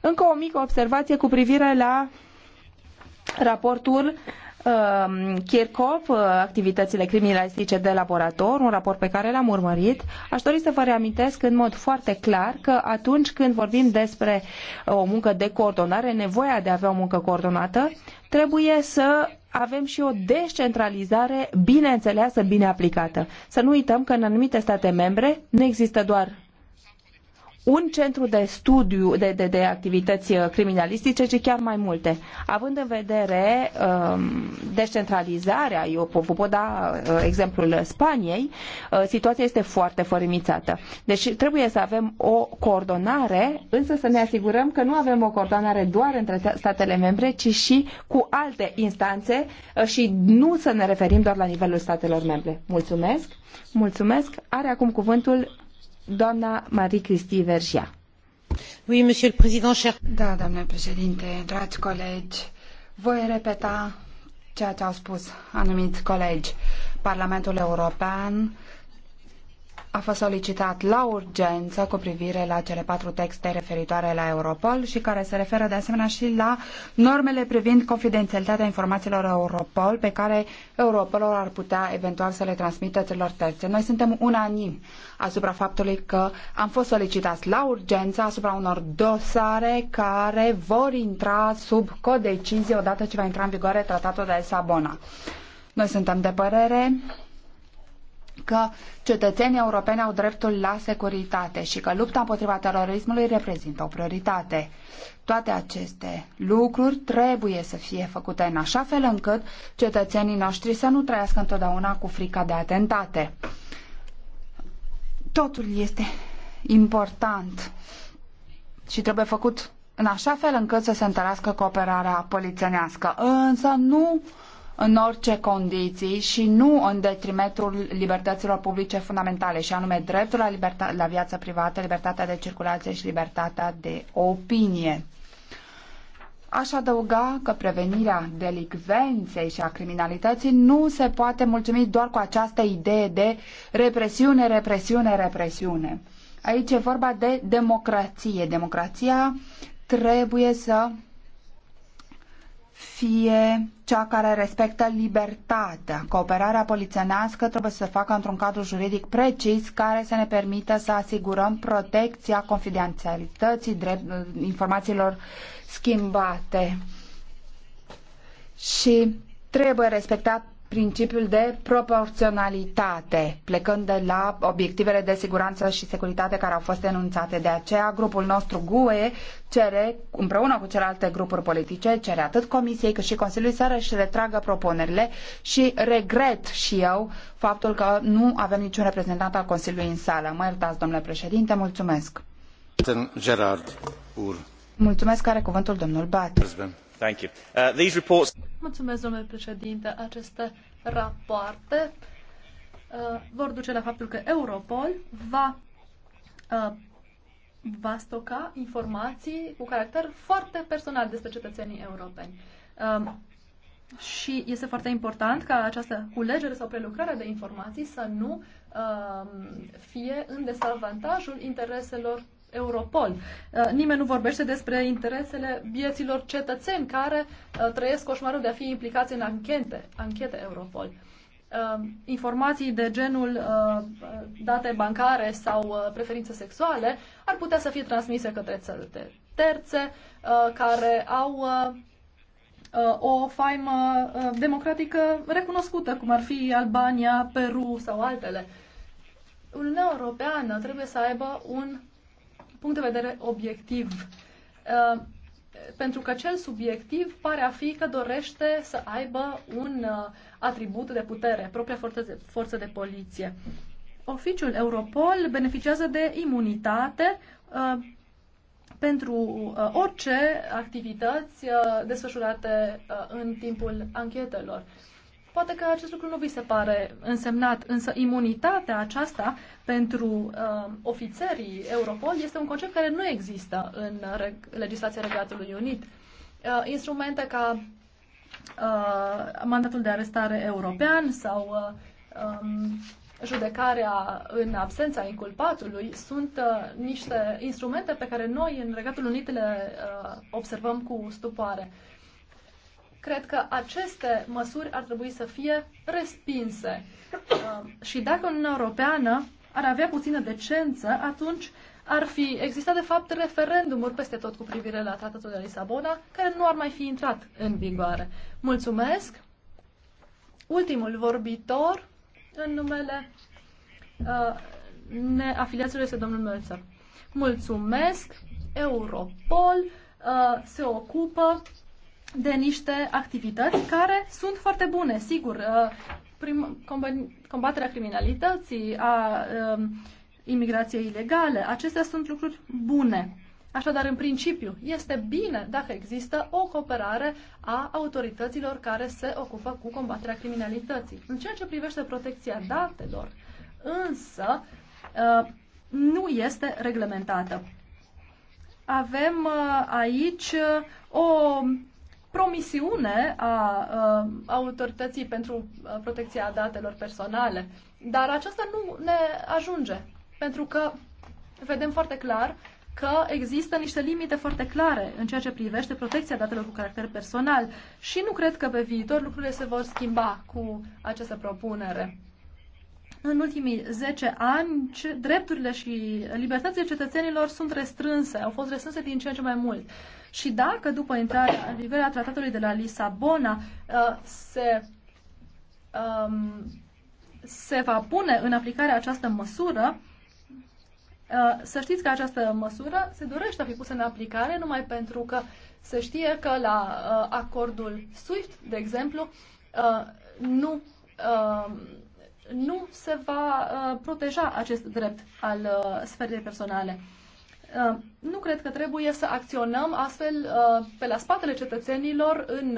Încă o mică observație cu privire la raportul um, Kirchhoff, uh, activitățile criminalistice de laborator, un raport pe care l-am urmărit. Aș dori să vă reamintesc în mod foarte clar că atunci când vorbim despre o muncă de coordonare, nevoia de a avea o muncă coordonată, trebuie să avem și o descentralizare bine înțeleasă, bine aplicată. Să nu uităm că în anumite state membre nu există doar un centru de studiu de, de, de activități uh, criminalistice, ci chiar mai multe. Având în vedere um, descentralizarea, eu vă pot da uh, exemplul Spaniei, uh, situația este foarte fărâmițată. Deci trebuie să avem o coordonare, însă să ne asigurăm că nu avem o coordonare doar între statele membre, ci și cu alte instanțe și nu să ne referim doar la nivelul statelor membre. Mulțumesc! Mulțumesc! Are acum cuvântul doamna Marie-Christine Vergia. Oui, monsieur le président, cher... Da, domnule președinte, dragi colegi, voi repeta ceea ce au spus anumiți colegi. Parlamentul European a fost solicitat la urgență cu privire la cele patru texte referitoare la Europol și care se referă de asemenea și la normele privind confidențialitatea informațiilor Europol pe care Europol ar putea eventual să le transmită celor terțe. Noi suntem unanim asupra faptului că am fost solicitați la urgență asupra unor dosare care vor intra sub codecizie odată ce va intra în vigoare tratatul de Sabona. Noi suntem de părere că cetățenii europeni au dreptul la securitate și că lupta împotriva terorismului reprezintă o prioritate. Toate aceste lucruri trebuie să fie făcute în așa fel încât cetățenii noștri să nu trăiască întotdeauna cu frica de atentate. Totul este important și trebuie făcut în așa fel încât să se întărească cooperarea polițienească. Însă nu în orice condiții și nu în detrimentul libertăților publice fundamentale, și anume dreptul la, libertate, la viață privată, libertatea de circulație și libertatea de opinie. Aș adăuga că prevenirea delicvenței și a criminalității nu se poate mulțumi doar cu această idee de represiune, represiune, represiune. Aici e vorba de democrație. Democrația trebuie să fie cea care respectă libertatea. Cooperarea polițenească trebuie să se facă într-un cadru juridic precis care să ne permită să asigurăm protecția confidențialității drept, informațiilor schimbate. Și trebuie respectat principiul de proporționalitate, plecând de la obiectivele de siguranță și securitate care au fost enunțate. De aceea, grupul nostru GUE cere, împreună cu celelalte grupuri politice, cere atât Comisiei cât și Consiliului să și retragă propunerile și regret și eu faptul că nu avem niciun reprezentant al Consiliului în sală. Mă iertați, domnule președinte, mulțumesc. Gerard Ur. Mulțumesc, are cuvântul domnul Bat. Uh, Mulțumesc, domnule președinte. Aceste rapoarte uh, vor duce la faptul că Europol va uh, va stoca informații cu caracter foarte personal despre cetățenii europeni. Um, și este foarte important ca această culegere sau prelucrare de informații să nu um, fie în dezavantajul intereselor Europol. Uh, nimeni nu vorbește despre interesele vieților cetățeni care uh, trăiesc coșmarul de a fi implicați în anchete, anchete Europol. Uh, informații de genul date bancare sau preferințe sexuale ar putea să fie transmise către țările terțe care au o faimă democratică recunoscută, cum ar fi Albania, Peru sau altele. Uniunea Europeană trebuie să aibă un punct de vedere obiectiv. Uh, pentru că cel subiectiv pare a fi că dorește să aibă un uh, atribut de putere, propria forță de, forță de poliție. Oficiul Europol beneficiază de imunitate uh, pentru orice activități desfășurate în timpul anchetelor. Poate că acest lucru nu vi se pare însemnat, însă imunitatea aceasta pentru uh, ofițerii Europol este un concept care nu există în reg- legislația Regatului Unit. Uh, instrumente ca uh, mandatul de arestare european sau uh, um, judecarea în absența inculpatului sunt uh, niște instrumente pe care noi în Regatul Unit le uh, observăm cu stupoare. Uh, Cred că aceste măsuri ar trebui să fie respinse. Um, și dacă Uniunea Europeană ar avea puțină decență, atunci ar fi existat, de fapt, referendumuri peste tot cu privire la Tratatul de Lisabona, care nu ar mai fi intrat în vigoare. Mulțumesc! Ultimul vorbitor în numele uh, neafiliaților este domnul Mălțăr. Mulțumesc! Europol uh, se ocupă de niște activități care sunt foarte bune, sigur. Uh, prim, combaterea criminalității, a um, imigrației ilegale, acestea sunt lucruri bune. Așadar, în principiu, este bine dacă există o cooperare a autorităților care se ocupă cu combaterea criminalității. În ceea ce privește protecția datelor, însă, uh, nu este reglementată. Avem uh, aici o promisiune a a autorității pentru protecția datelor personale. Dar aceasta nu ne ajunge, pentru că vedem foarte clar că există niște limite foarte clare în ceea ce privește protecția datelor cu caracter personal și nu cred că pe viitor lucrurile se vor schimba cu această propunere. În ultimii 10 ani, drepturile și libertățile cetățenilor sunt restrânse, au fost restrânse din ce în ce mai mult. Uh, și dacă după intrarea în vigoare a tratatului de la Lisabona uh, se, um, se va pune în aplicare această măsură, uh, să știți că această măsură se dorește a fi pusă în aplicare numai pentru că se știe că la uh, acordul SWIFT, de exemplu, nu, um, nu se va proteja acest drept al sferei personale. Uh, nu cred că trebuie să acționăm astfel uh, pe la spatele cetățenilor în,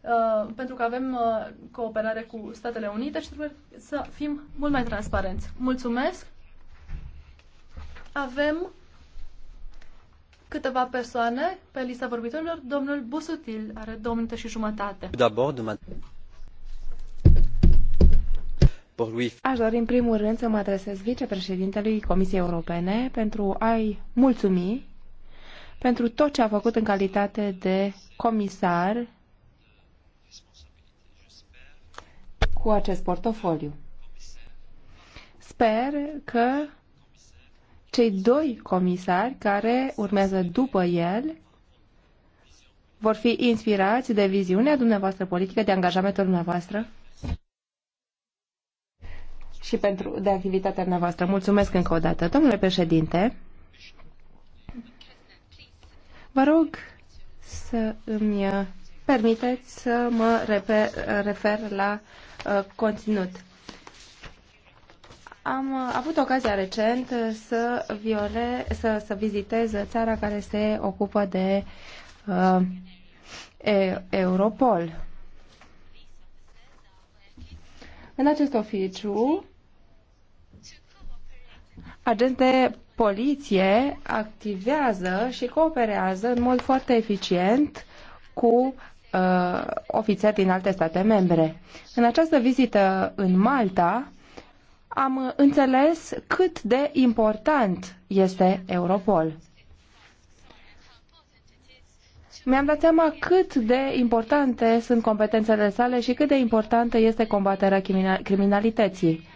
uh, pentru că avem cooperare cu Statele Unite și trebuie să fim mult mai transparenți. Mulțumesc! Avem câteva persoane pe lista vorbitorilor. Domnul Busutil are două minute și jumătate. Aș dori în primul rând să mă adresez vicepreședintelui Comisiei Europene pentru a-i mulțumi pentru tot ce a făcut în calitate de comisar cu acest portofoliu. Sper că cei doi comisari care urmează după el vor fi inspirați de viziunea dumneavoastră politică, de angajamentul dumneavoastră și pentru, de activitatea noastră. Mulțumesc încă o dată. Domnule președinte, vă rog să îmi uh, permiteți să mă refer, uh, refer la uh, conținut. Am uh, avut ocazia recent să, viole, să, să vizitez țara care se ocupă de uh, e, Europol. În acest oficiu agenți de poliție activează și cooperează în mod foarte eficient cu uh, ofițeri din alte state membre. În această vizită în Malta am înțeles cât de important este Europol. Mi-am dat seama cât de importante sunt competențele sale și cât de importantă este combaterea criminalității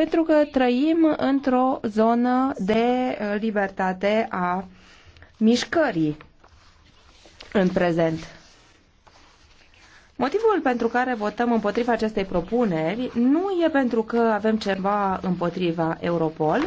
pentru că trăim într-o zonă de uh, libertate a mișcării în prezent. Motivul pentru care votăm împotriva acestei propuneri nu e pentru că avem ceva împotriva Europol,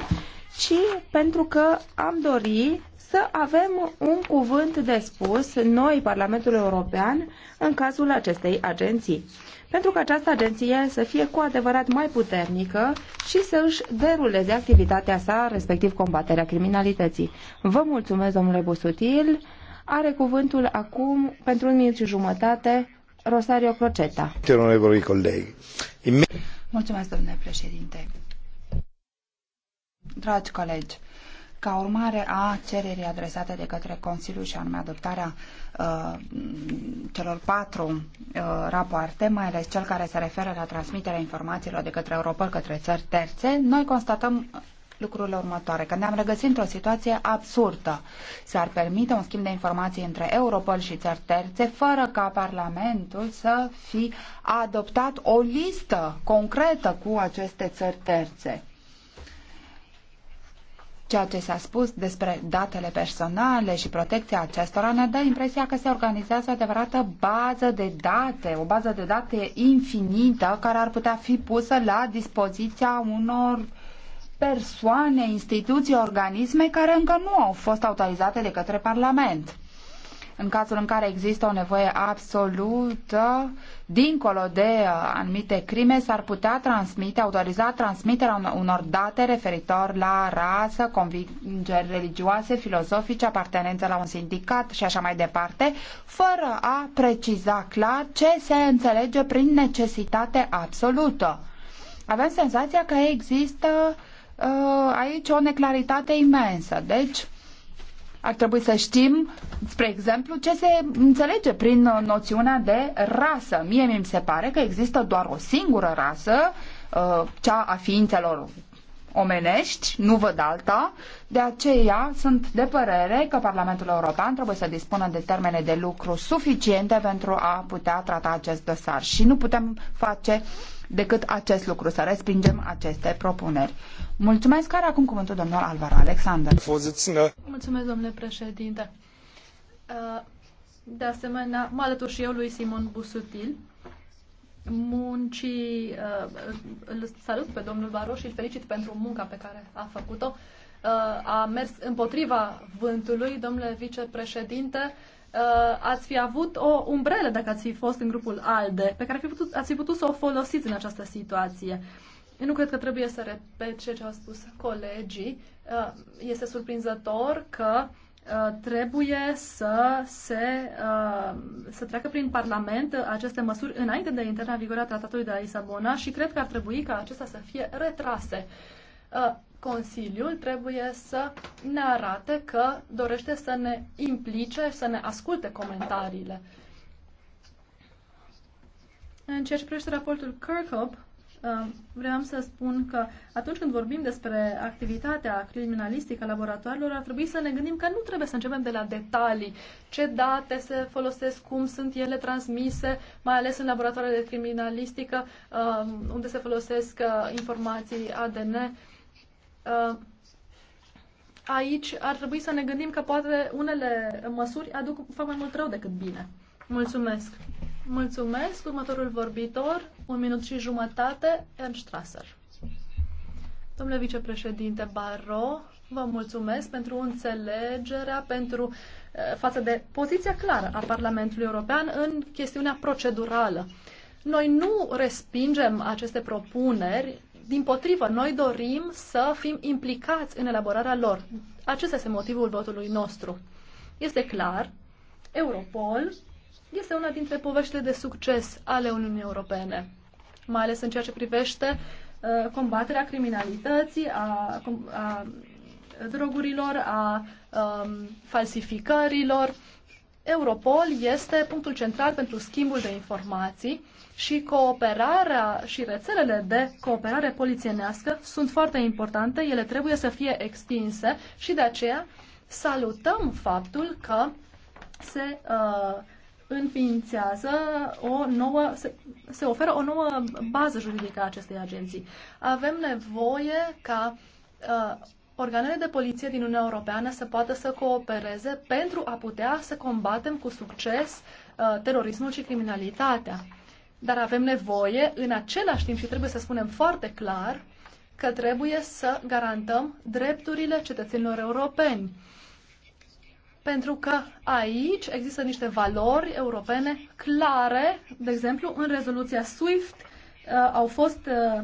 ci pentru că am dori să avem un cuvânt de spus noi, Parlamentul European, în cazul acestei agenții pentru că această agenție să fie cu adevărat mai puternică și să își deruleze activitatea sa, respectiv combaterea criminalității. Vă mulțumesc, domnule Busutil. Are cuvântul acum, pentru un minut și jumătate, Rosario Croceta. Mulțumesc, domnule președinte. Dragi colegi, ca urmare a cererii adresate de către Consiliu și anume adoptarea uh, celor patru uh, rapoarte, mai ales cel care se referă la transmiterea informațiilor de către Europol către țări terțe, noi constatăm lucrurile următoare, că ne-am regăsit într-o situație absurdă. S-ar permite un schimb de informații între Europol și țări terțe fără ca Parlamentul să fi adoptat o listă concretă cu aceste țări terțe. Ceea ce s-a spus despre datele personale și protecția acestora ne dă impresia că se organizează o adevărată bază de date, o bază de date infinită care ar putea fi pusă la dispoziția unor persoane, instituții, organisme care încă nu au fost autorizate de către Parlament în cazul în care există o nevoie absolută, dincolo de uh, anumite crime, s-ar putea transmite, autoriza transmiterea unor date referitor la rasă, convingeri religioase, filozofice, apartenență la un sindicat și așa mai departe, fără a preciza clar ce se înțelege prin necesitate absolută. Avem senzația că există uh, aici o neclaritate imensă. Deci, ar trebui să știm, spre exemplu, ce se înțelege prin noțiunea de rasă. Mie mi se pare că există doar o singură rasă, uh, cea a ființelor omenești, nu văd alta, de aceea sunt de părere că Parlamentul European trebuie să dispună de termene de lucru suficiente pentru a putea trata acest dosar și nu putem face decât acest lucru, să respingem aceste propuneri. Mulțumesc, care acum cuvântul domnul Alvar Alexander. Mulțumesc, domnule președinte. Uh, de asemenea, mă alătur și eu lui Simon Busutil muncii. Uh, îl salut pe domnul Baro și îl felicit pentru munca pe care a făcut-o. Uh, a mers împotriva vântului, domnule vicepreședinte. Uh, ați fi avut o umbrelă dacă ați fi fost în grupul ALDE, pe care ați fi putut, ați fi putut să o folosiți în această situație. Eu nu cred că trebuie să repet ce au spus colegii. Este surprinzător că uh, Uh, trebuie să, se, uh, să treacă prin Parlament aceste măsuri înainte de intrarea în vigoare a Tratatului de la Lisabona și cred că ar trebui ca acestea să fie retrase. Uh, Consiliul trebuie să ne arate că dorește să ne implice, să ne asculte comentariile. În ceea ce privește raportul Kirkhope, Um, vreau să spun că atunci când vorbim despre activitatea criminalistică a laboratoarelor, ar trebui să ne gândim că nu trebuie să începem de la detalii, ce date se folosesc, cum sunt ele transmise, mai ales în laboratoarele de criminalistică, um, unde se folosesc uh, informații ADN. Um, aici ar trebui să ne gândim că poate unele măsuri aduc, fac mai mult rău decât bine. Mulțumesc. Mulțumesc. Următorul vorbitor, un minut și jumătate, Ernst Strasser. Domnule vicepreședinte Barro, vă mulțumesc pentru înțelegerea, pentru eh, față de poziția clară a Parlamentului European în chestiunea procedurală. Noi nu respingem aceste propuneri, din potrivă, noi dorim să fim implicați în elaborarea lor. Acesta este motivul votului nostru. Este clar, Europol este una dintre poveștile de succes ale Uniunii Europene, mai ales în ceea ce privește uh, combaterea criminalității, a, a drogurilor, a a um, falsificărilor. Europol este punctul central pentru schimbul de informații și cooperarea și rețelele de cooperare polițienească sunt foarte importante, ele trebuie să fie extinse și de aceea salutăm faptul că se uh, înființează o nouă, se, se oferă o nouă bază juridică a acestei agenții. Avem nevoie ca uh, organele de poliție din Uniunea Europeană să poată să coopereze pentru a putea să combatem cu succes uh, terorismul și criminalitatea. Dar avem nevoie, în același timp, și trebuie să spunem foarte clar, că trebuie să garantăm drepturile cetățenilor europeni pentru că aici există niște valori europene clare, de exemplu, în rezoluția SWIFT uh, au fost uh,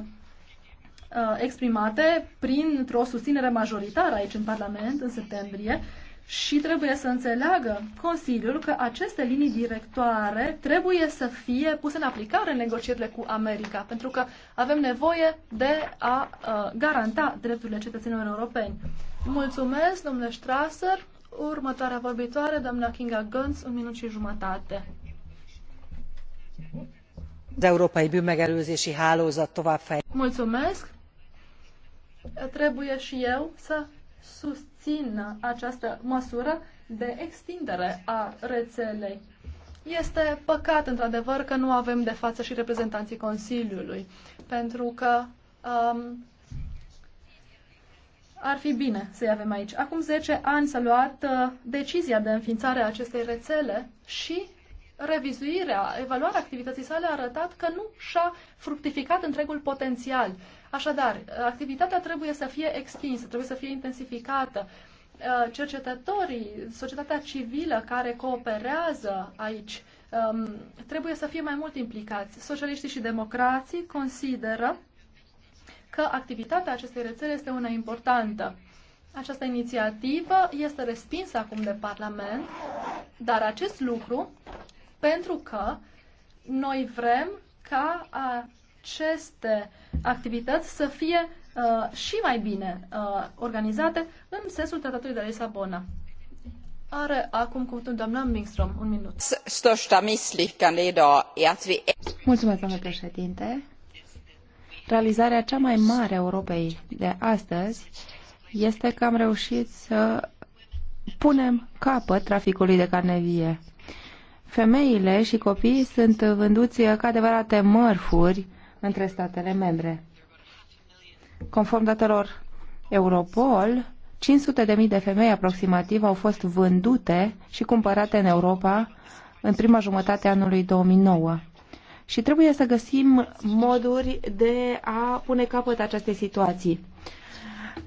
uh, exprimate printr-o susținere majoritară aici în Parlament în septembrie și trebuie să înțeleagă Consiliul că aceste linii directoare trebuie să fie puse în aplicare în negocierile cu America, pentru că avem nevoie de a uh, garanta drepturile cetățenilor europeni. Mulțumesc, domnule Strasser. Următoarea vorbitoare, doamna Kinga Gönz, un minut și jumătate. Az Európai Bűnmegelőzési Hálózat továbbfejlesztése. Mulțumesc! Trebuie și eu să susțin această măsură de extindere a rețelei. Este păcat, într-adevăr, că nu avem de față și reprezentanții Consiliului, pentru că um, ar fi bine să-i avem aici. Acum 10 ani s-a luat uh, decizia de înființare a acestei rețele și revizuirea, evaluarea activității sale a arătat că nu și-a fructificat întregul potențial. Așadar, activitatea trebuie să fie extinsă, trebuie să fie intensificată. Uh, cercetătorii, societatea civilă care cooperează aici, um, trebuie să fie mai mult implicați. Socialiștii și democrații consideră că activitatea acestei rețele este una importantă. Această inițiativă este respinsă acum de Parlament, dar acest lucru pentru că noi vrem ca aceste activități să fie uh, și mai bine uh, organizate în sensul tratatului de Lisabona. Are acum cuvântul doamna Mingstrom, un minut. Mulțumesc, domnule președinte. Realizarea cea mai mare a Europei de astăzi este că am reușit să punem capăt traficului de carne vie. Femeile și copiii sunt vânduți ca adevărate mărfuri între statele membre. Conform datelor Europol, 500.000 de femei aproximativ au fost vândute și cumpărate în Europa în prima jumătate a anului 2009 și trebuie să găsim moduri de a pune capăt acestei situații.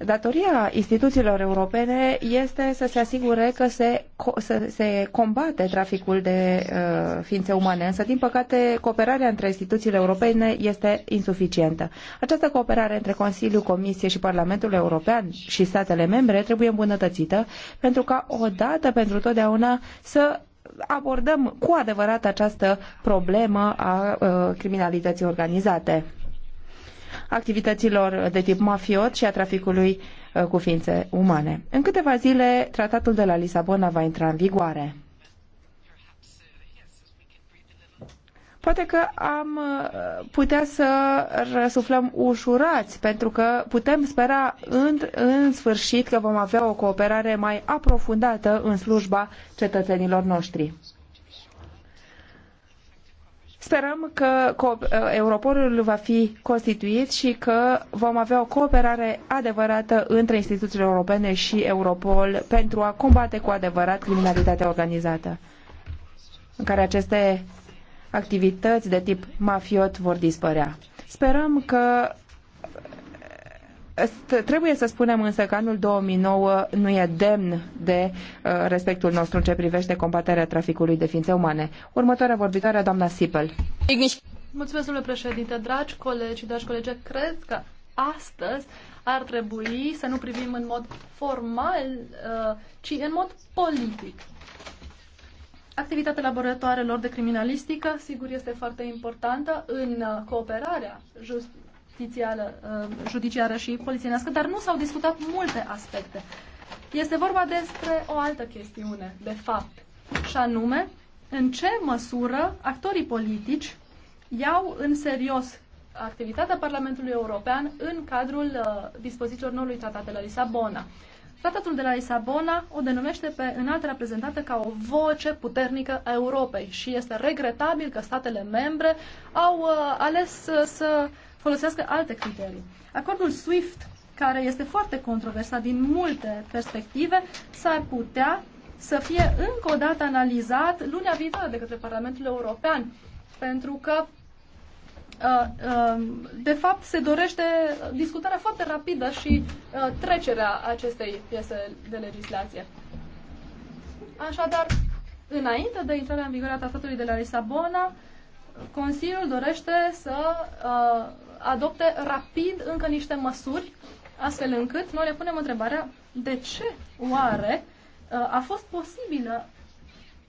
Datoria instituțiilor europene este să se asigure că se, să se combate traficul de uh, ființe umane, însă, din păcate, cooperarea între instituțiile europene este insuficientă. Această cooperare între Consiliu, Comisie și Parlamentul European și statele membre trebuie îmbunătățită pentru ca odată pentru totdeauna să abordăm cu adevărat această problemă a criminalității organizate, activităților de tip mafiot și a traficului cu ființe umane. În câteva zile, tratatul de la Lisabona va intra în vigoare. Poate că am uh, putea să răsuflăm ușurați, pentru că putem spera în, în sfârșit că vom avea o cooperare mai aprofundată în slujba cetățenilor noștri. Sperăm că uh, Europolul va fi constituit și că vom avea o cooperare adevărată între instituțiile europene și Europol pentru a combate cu adevărat criminalitatea organizată, în care aceste activități de tip mafiot vor dispărea. Sperăm că Trebuie să spunem însă că anul 2009 nu e demn de uh, respectul nostru în ce privește combaterea traficului de ființe umane. Următoarea vorbitoare, doamna Sipel. Mulțumesc, domnule președinte, dragi colegi, dragi colegi, cred că astăzi ar trebui să nu privim în mod formal, uh, ci în mod politic Activitatea laboratoarelor de criminalistică, sigur, este foarte importantă în uh, cooperarea justițială, uh, judiciară și polițienească, dar nu s-au discutat multe aspecte. Este vorba despre o altă chestiune, de fapt, și anume în ce măsură actorii politici iau în serios activitatea Parlamentului European în cadrul uh, dispozițiilor noului tratat de la Lisabona. Tratatul de la Lisabona o denumește pe înaltă reprezentantă ca o voce puternică a Europei și este regretabil că statele membre au uh, ales să, uh, să folosească alte criterii. Acordul SWIFT, care este foarte controversat din multe perspective, s-ar putea să fie încă o dată analizat lunea viitoare de către Parlamentul European, pentru că Uh, um, de fapt, se dorește discutarea foarte rapidă și uh, trecerea acestei piese de legislație. Așadar, înainte de intrarea în vigoare a tratatului de la Lisabona, Consiliul dorește să uh, adopte rapid încă niște măsuri, astfel încât noi le punem întrebarea de ce oare a fost posibilă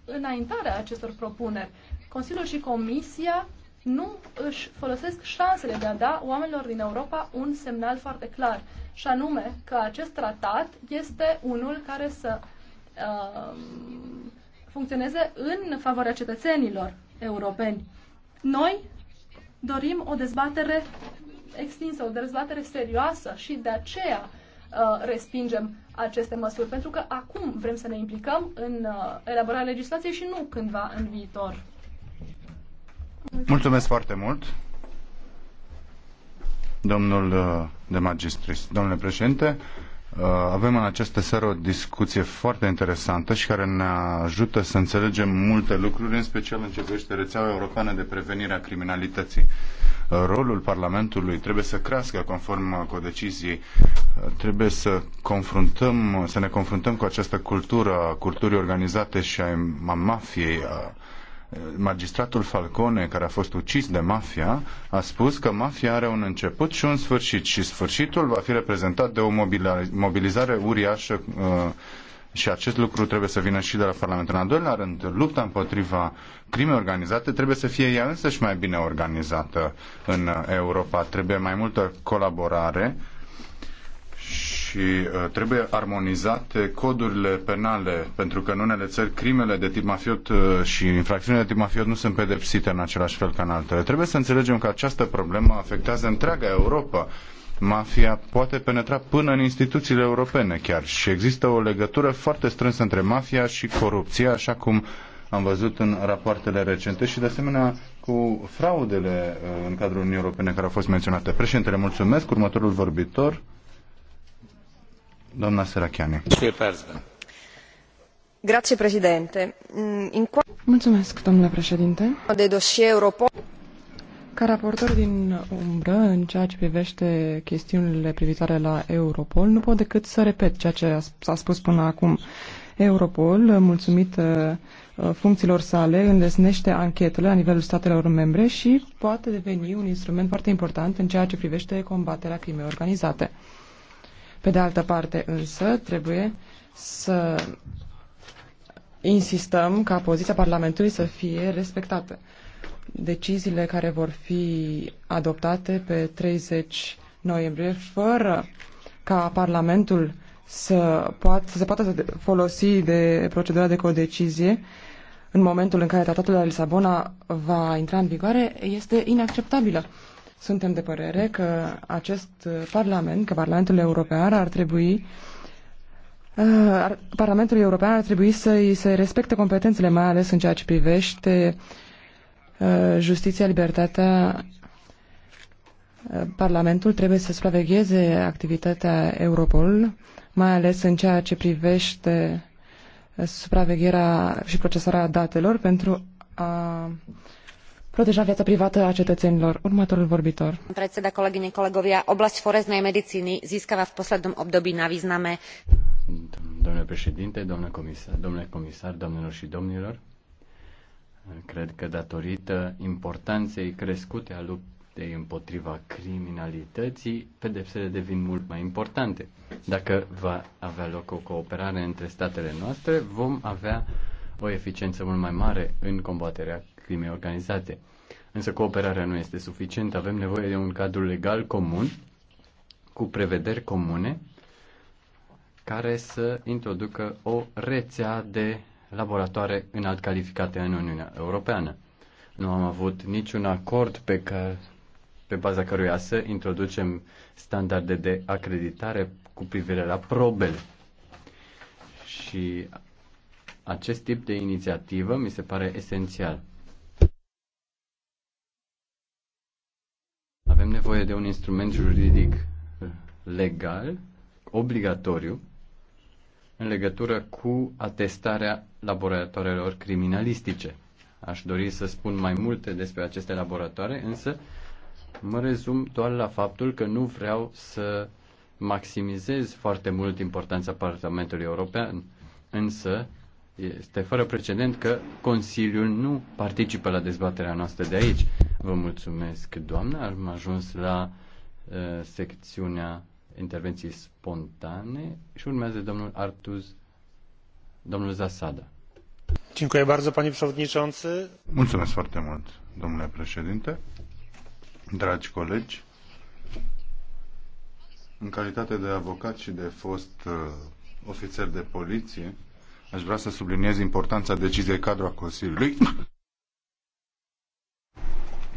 înaintarea acestor propuneri. Consiliul și Comisia nu își folosesc șansele de a da oamenilor din Europa un semnal foarte clar, și anume că acest tratat este unul care să uh, funcționeze în favoarea cetățenilor europeni. Noi dorim o dezbatere extinsă, o dezbatere serioasă și de aceea uh, respingem aceste măsuri, pentru că acum vrem să ne implicăm în uh, elaborarea legislației și nu cândva în viitor. Mulțumesc foarte mult. Domnul uh, de magistris, domnule președinte, uh, avem în această seară o discuție foarte interesantă și care ne ajută să înțelegem multe lucruri, în special în ce privește rețeaua europeană de prevenire a criminalității. Uh, rolul Parlamentului trebuie să crească conform cu decizie. trebuie să, confruntăm, să ne confruntăm cu această cultură a culturii organizate și a mafiei, a magistratul Falcone, care a fost ucis de mafia, a spus că mafia are un început și un sfârșit și sfârșitul va fi reprezentat de o mobilizare uriașă uh, și acest lucru trebuie să vină și de la Parlamentul. În al doilea rând, lupta împotriva crimei organizate trebuie să fie ea însăși mai bine organizată în Europa. Trebuie mai multă colaborare și uh, trebuie armonizate codurile penale, pentru că în unele țări crimele de tip mafiot uh, și infracțiunile de tip mafiot nu sunt pedepsite în același fel ca în altele. Trebuie să înțelegem că această problemă afectează întreaga Europa. Mafia poate penetra până în instituțiile europene chiar și există o legătură foarte strânsă între mafia și corupția, așa cum am văzut în rapoartele recente și de asemenea cu fraudele uh, în cadrul Uniunii Europene care au fost menționate. Președintele, mulțumesc. Următorul vorbitor, președinte. Mm, Mulțumesc, domnule președinte. Ca raportor din umbră, în ceea ce privește chestiunile privitoare la Europol, nu pot decât să repet ceea ce s-a spus până acum. Europol, mulțumit uh, funcțiilor sale, îndesnește anchetele la nivelul statelor membre și poate deveni un instrument foarte important în ceea ce privește combaterea crimei organizate. Pe de altă parte însă trebuie să insistăm ca poziția Parlamentului să fie respectată. Deciziile care vor fi adoptate pe 30 noiembrie, fără ca Parlamentul să, poat, să poată folosi de procedura de codecizie în momentul în care tratatul de la Lisabona va intra în vigoare, este inacceptabilă. Suntem de părere că acest Parlament, că Parlamentul European ar trebui ar, uh, Parlamentul European ar trebui să-i se respecte competențele, mai ales în ceea ce privește uh, justiția, libertatea. Uh, Parlamentul trebuie să supravegheze activitatea Europol, mai ales în ceea ce privește supravegherea și procesarea datelor pentru a proteja viața privată a cetățenilor. Următorul vorbitor. Predseda, kolegyne, kolegovia, oblasť foreznej medicíny získava v poslednom období na význame. Domnule președinte, domnule comisar, domnule comisar, domnilor și domnilor, cred că datorită importanței crescute a luptei împotriva criminalității, pedepsele devin mult mai importante. Dacă va avea loc o cooperare între statele noastre, vom avea o eficiență mult mai mare în combaterea crimei organizate. Însă cooperarea nu este suficientă, avem nevoie de un cadru legal comun, cu prevederi comune, care să introducă o rețea de laboratoare înalt calificate în Uniunea Europeană. Nu am avut niciun acord pe, care, pe baza căruia să introducem standarde de acreditare cu privire la probele. Și acest tip de inițiativă mi se pare esențial. Avem nevoie de un instrument juridic eh, legal, obligatoriu, în legătură cu atestarea laboratoarelor criminalistice. Aș dori să spun mai multe despre aceste laboratoare, însă mă rezum doar la faptul că nu vreau să maximizez foarte mult importanța Parlamentului European, însă este fără precedent că Consiliul nu participă la dezbaterea noastră de aici. Vă mulțumesc, doamnă. Am ajuns la uh, secțiunea intervenții spontane și urmează domnul Artuz, domnul Zasada. Dziękuję bardzo, panie przewodniczący. Mulțumesc foarte mult, domnule președinte. Dragi colegi, în calitate de avocat și de fost uh, ofițer de poliție, Aș vrea să subliniez importanța deciziei cadru a Consiliului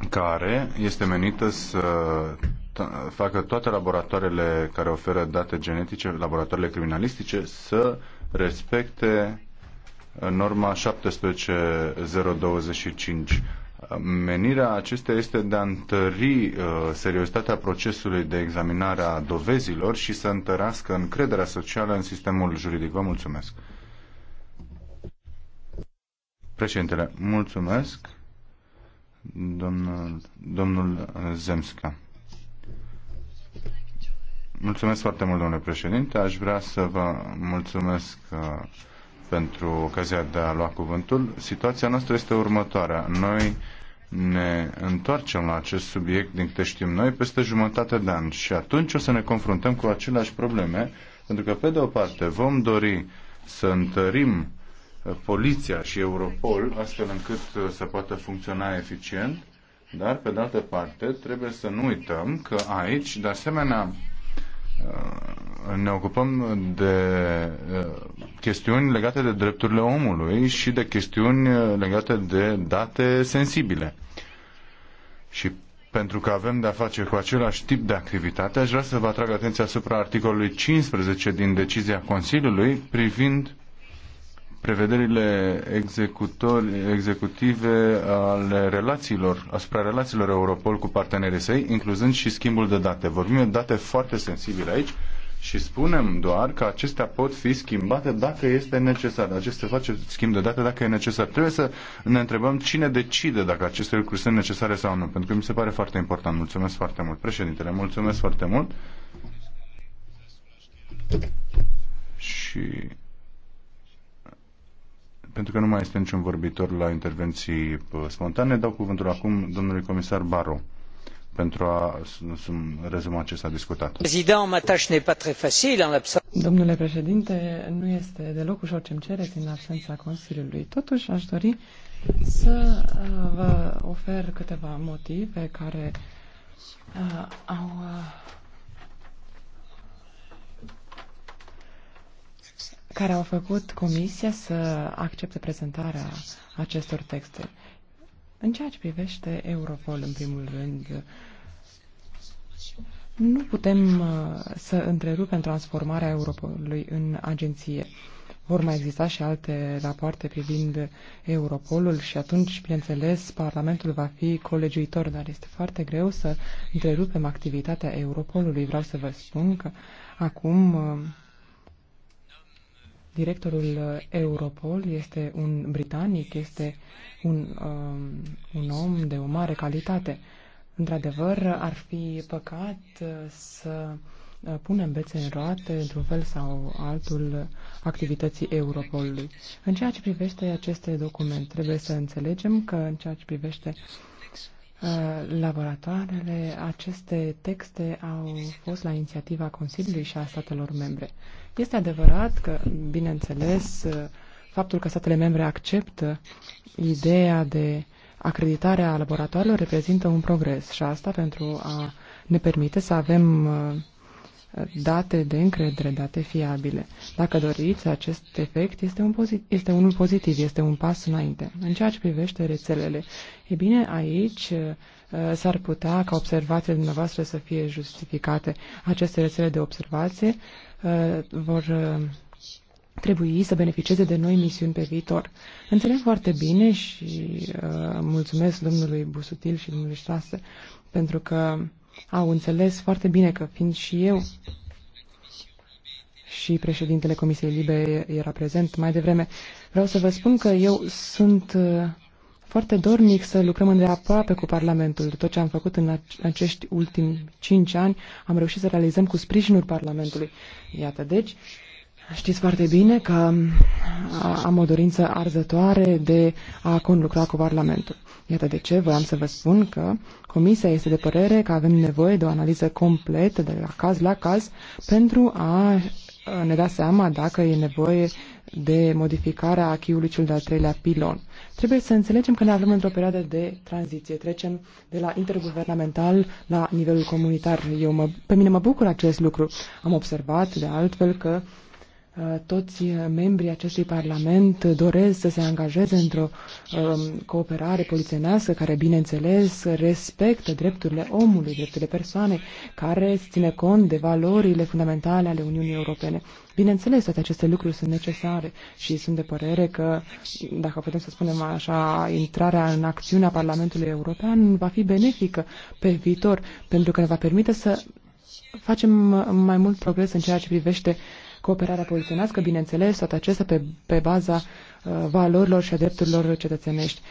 care este menită să facă toate laboratoarele care oferă date genetice, laboratoarele criminalistice, să respecte norma 17025. Menirea acestea este de a întări uh, seriozitatea procesului de examinare a dovezilor și să întărească încrederea socială în sistemul juridic. Vă mulțumesc! Președintele, mulțumesc. Domnul, domnul Zemska. Mulțumesc foarte mult, domnule președinte. Aș vrea să vă mulțumesc uh, pentru ocazia de a lua cuvântul. Situația noastră este următoarea. Noi ne întoarcem la acest subiect, din câte știm noi, peste jumătate de an și atunci o să ne confruntăm cu aceleași probleme, pentru că, pe de o parte, vom dori să întărim poliția și Europol, astfel încât uh, să poată funcționa eficient, dar, pe de altă parte, trebuie să nu uităm că aici, de asemenea, uh, ne ocupăm de uh, chestiuni legate de drepturile omului și de chestiuni legate de date sensibile. Și pentru că avem de-a face cu același tip de activitate, aș vrea să vă atrag atenția asupra articolului 15 din decizia Consiliului privind prevederile executive ale relațiilor, asupra relațiilor Europol cu partenerii săi, incluzând și schimbul de date. Vorbim de date foarte sensibile aici și spunem doar că acestea pot fi schimbate dacă este necesar. Acestea face schimb de date dacă e necesar. Trebuie să ne întrebăm cine decide dacă aceste lucruri sunt necesare sau nu, pentru că mi se pare foarte important. Mulțumesc foarte mult. Președintele, mulțumesc foarte mult. Și pentru că nu mai este niciun vorbitor la intervenții uh, spontane, dau cuvântul acum domnului comisar Baro pentru a rezuma ce s-a discutat. Domnule președinte, nu este deloc ușor ce-mi cereți în absența Consiliului. Totuși aș dori să uh, vă ofer câteva motive care uh, au care au făcut comisia să accepte prezentarea acestor texte. În ceea ce privește Europol, în primul rând, nu putem uh, să întrerupem transformarea Europolului în agenție. Vor mai exista și alte rapoarte privind Europolul și atunci, bineînțeles, Parlamentul va fi colegiuitor, dar este foarte greu să întrerupem activitatea Europolului. Vreau să vă spun că acum uh, Directorul uh, Europol este un britanic, este un, um, un om de o mare calitate. Într-adevăr, ar fi păcat uh, să uh, punem bețe în roate, într-un fel sau altul, activității Europolului. În ceea ce privește aceste documente, trebuie să înțelegem că în ceea ce privește laboratoarele, aceste texte au fost la inițiativa Consiliului și a statelor membre. Este adevărat că, bineînțeles, faptul că statele membre acceptă ideea de acreditare a laboratoarelor reprezintă un progres și asta pentru a ne permite să avem date de încredere, date fiabile. Dacă doriți, acest efect este, un pozit- este unul pozitiv, este un pas înainte. În ceea ce privește rețelele, e bine, aici uh, s-ar putea ca observațiile dumneavoastră să fie justificate. Aceste rețele de observație uh, vor uh, trebui să beneficieze de noi misiuni pe viitor. Înțeleg foarte bine și uh, mulțumesc domnului Busutil și domnului Ștase pentru că au înțeles foarte bine că, fiind și eu și președintele Comisiei Libe era prezent mai devreme, vreau să vă spun că eu sunt uh, foarte dornic să lucrăm îndeaproape cu Parlamentul. Tot ce am făcut în acești ultimi cinci ani am reușit să realizăm cu sprijinul Parlamentului. Iată, deci, Știți foarte bine că am o dorință arzătoare de a conlucra cu Parlamentul. Iată de ce voiam să vă spun că Comisia este de părere că avem nevoie de o analiză completă de la caz la caz pentru a ne da seama dacă e nevoie de modificarea achiului cel de-al treilea pilon. Trebuie să înțelegem că ne aflăm într-o perioadă de tranziție. Trecem de la interguvernamental la nivelul comunitar. Eu mă, pe mine mă bucur acest lucru. Am observat, de altfel, că uh, Uh, toți uh, membrii acestui Parlament doresc să se angajeze într-o um, cooperare polițienească care, bineînțeles, respectă drepturile omului, drepturile persoanei, care ține cont de valorile fundamentale ale Uniunii Europene. Bineînțeles, toate aceste lucruri sunt necesare și sunt de părere că, dacă putem să spunem așa, intrarea în acțiunea Parlamentului European va fi benefică pe viitor, pentru că ne va permite să facem mai mult progres în ceea ce privește uh, cooperarea poliționească, bineînțeles, toate acestea pe, pe baza uh, valorilor și a drepturilor cetățenești.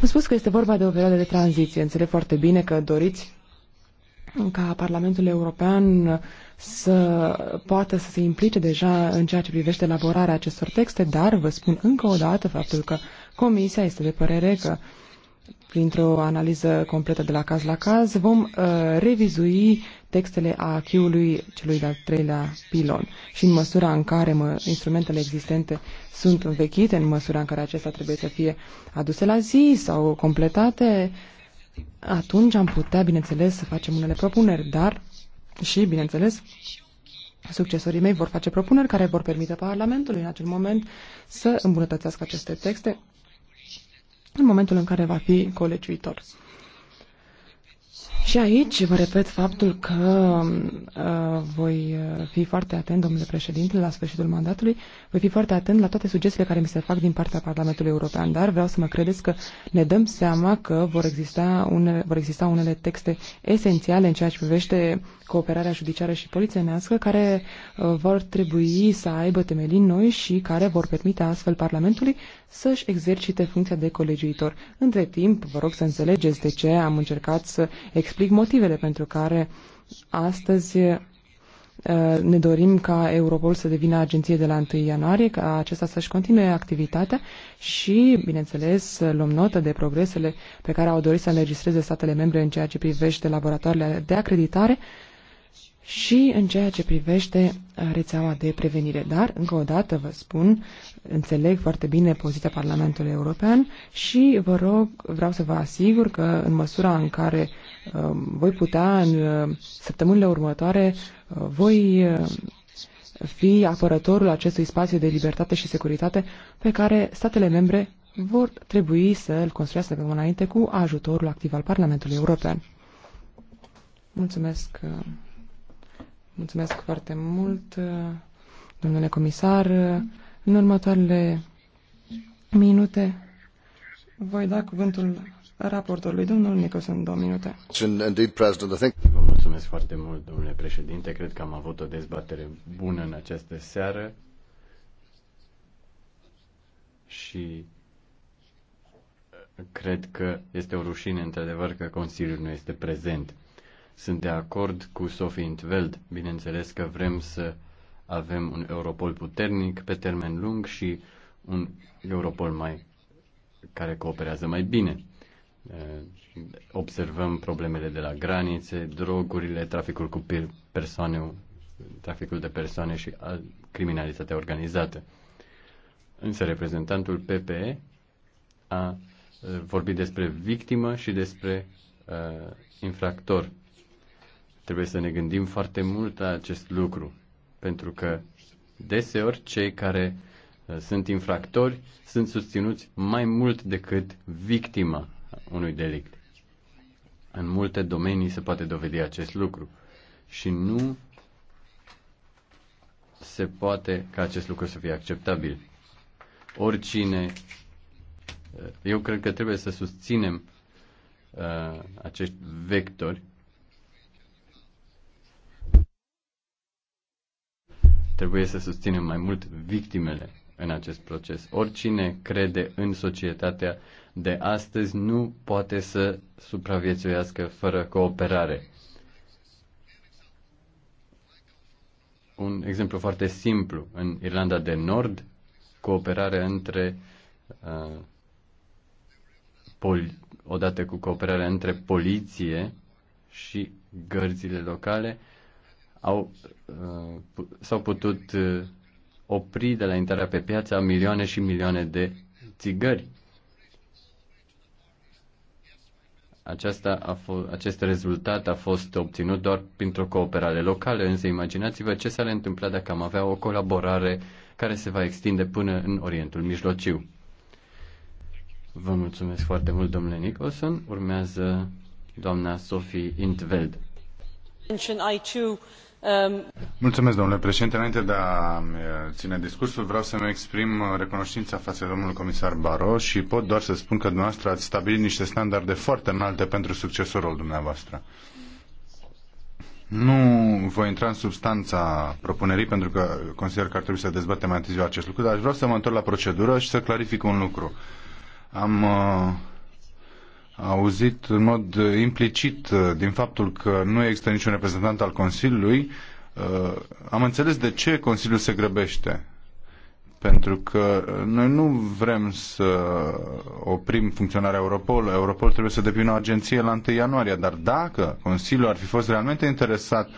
Am spus că este vorba de o perioadă de tranziție. Înțeleg foarte bine că doriți ca Parlamentul European să poată să se implice deja în ceea ce privește elaborarea acestor texte, dar vă spun încă o dată faptul că Comisia este de părere că printr-o analiză completă de la caz la caz vom uh, revizui textele a achiului celui de-al treilea pilon și în măsura în care mă, instrumentele existente sunt învechite, în măsura în care acestea trebuie să fie aduse la zi sau completate, atunci am putea, bineînțeles, să facem unele propuneri, dar și, bineînțeles, Succesorii mei vor face propuneri care vor permite Parlamentului în acel moment să îmbunătățească aceste texte în momentul în care va fi colegiuitor. Și aici vă repet faptul că uh, voi uh, fi foarte atent, domnule președinte, la sfârșitul mandatului, voi fi foarte atent la toate sugestiile care mi se fac din partea Parlamentului European, dar vreau să mă credeți că ne dăm seama că vor exista unele, vor exista unele texte esențiale în ceea ce privește cooperarea judiciară și polițienească care uh, vor trebui să aibă temelii noi și care vor permite astfel Parlamentului să-și exercite funcția de colegiuitor. Între timp, vă rog să înțelegeți de ce am încercat să explic motivele pentru care astăzi uh, ne dorim ca Europol să devină agenție de la 1 ianuarie, ca acesta să-și continue activitatea și, bineînțeles, luăm notă de progresele pe care au dorit să înregistreze statele membre în ceea ce privește laboratoarele de acreditare și în ceea ce privește uh, rețeaua de prevenire. Dar, încă o dată vă spun, înțeleg foarte bine poziția Parlamentului European și vă rog, vreau să vă asigur că în măsura în care uh, voi putea în uh, săptămânile următoare, uh, voi uh, fi apărătorul acestui spațiu de libertate și securitate pe care statele membre vor trebui să îl construiască pe înainte cu ajutorul activ al Parlamentului European. Mulțumesc. Uh, Mulțumesc foarte mult, domnule comisar. În următoarele minute voi da cuvântul raportorului, domnul Nicholson, două minute. Vă mulțumesc foarte mult, domnule președinte. Cred că am avut o dezbatere bună în această seară și cred că este o rușine, într-adevăr, că Consiliul nu este prezent. Sunt de acord cu Sophie Intveld. Bineînțeles că vrem să avem un Europol puternic pe termen lung și un Europol mai care cooperează mai bine. Eh, observăm problemele de la granițe, drogurile, traficul cu persoane, traficul de persoane și criminalitatea organizată. Însă reprezentantul PPE a eh, vorbit despre victimă și despre uh, infractor Trebuie să ne gândim foarte mult la acest lucru, pentru că deseori cei care uh, sunt infractori sunt susținuți mai mult decât victima unui delict. În multe domenii se poate dovedi acest lucru și nu se poate ca acest lucru să fie acceptabil. Oricine, uh, eu cred că trebuie să susținem uh, acești vectori Trebuie să susținem mai mult victimele în acest proces. Oricine crede în societatea de astăzi nu poate să supraviețuiască fără cooperare. Un exemplu foarte simplu. În Irlanda de Nord, cooperarea între uh, poli, odată cu cooperarea între poliție și gărzile locale uh, au, uh, s-au putut uh, opri de la intrarea pe piață milioane și milioane de țigări. Aceasta a fost, acest rezultat a fost obținut doar printr-o cooperare locală, însă imaginați-vă ce s-ar întâmpla dacă am avea o colaborare care se va extinde până în Orientul Mijlociu. Vă mulțumesc foarte mult, domnule Nicholson. Urmează doamna Sophie Intveld. Um, Mulțumesc, domnule președinte. Înainte de a uh, ține discursul, vreau să-mi exprim uh, recunoștința față de domnul comisar Baro și pot doar să spun că dumneavoastră ați stabilit niște standarde foarte înalte pentru succesorul dumneavoastră. Nu voi intra în substanța propunerii pentru că consider că ar trebui să dezbatem mai târziu acest lucru, dar aș vrea să mă întorc la procedură și să clarific un lucru. Am uh, auzit în mod implicit uh, din faptul că nu există niciun reprezentant al Consiliului, uh, am înțeles de ce Consiliul se grăbește. Pentru că uh, noi nu vrem să oprim funcționarea Europol. Europol trebuie să depină o agenție la 1 ianuarie. Dar dacă Consiliul ar fi fost realmente interesat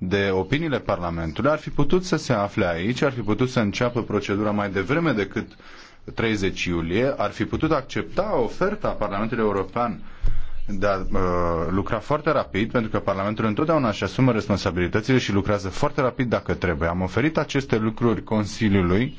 de opiniile Parlamentului, ar fi putut să se afle aici, ar fi putut să înceapă procedura mai devreme decât uh, 30 iulie, ar fi putut accepta oferta Parlamentului European de a uh, lucra foarte rapid, pentru că Parlamentul întotdeauna își asumă responsabilitățile și lucrează foarte rapid dacă trebuie. Am oferit aceste lucruri Consiliului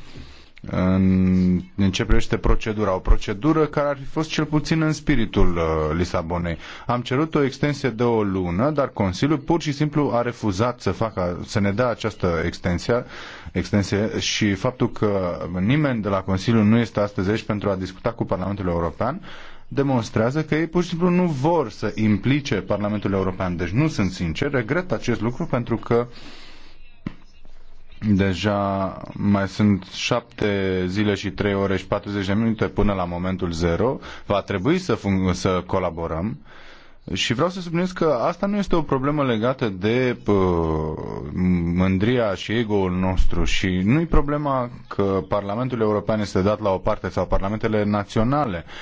în, în ce privește procedura, o procedură care ar fi fost cel puțin în spiritul uh, Lisabonei. Am cerut o extensie de o lună, dar Consiliul pur și simplu a refuzat să, facă, să ne dea această extensie extensie și faptul că nimeni de la Consiliu nu este astăzi aici pentru a discuta cu Parlamentul European demonstrează că ei pur și simplu nu vor să implice Parlamentul European. Deci nu sunt sincer, regret acest lucru pentru că deja mai sunt șapte zile și trei ore și 40 de minute până la momentul zero. Va trebui să, să colaborăm și vreau să subliniez că asta nu este o problemă legată de pă, mândria și ego-ul nostru și nu e problema că Parlamentul European este dat la o parte sau Parlamentele naționale. Uh,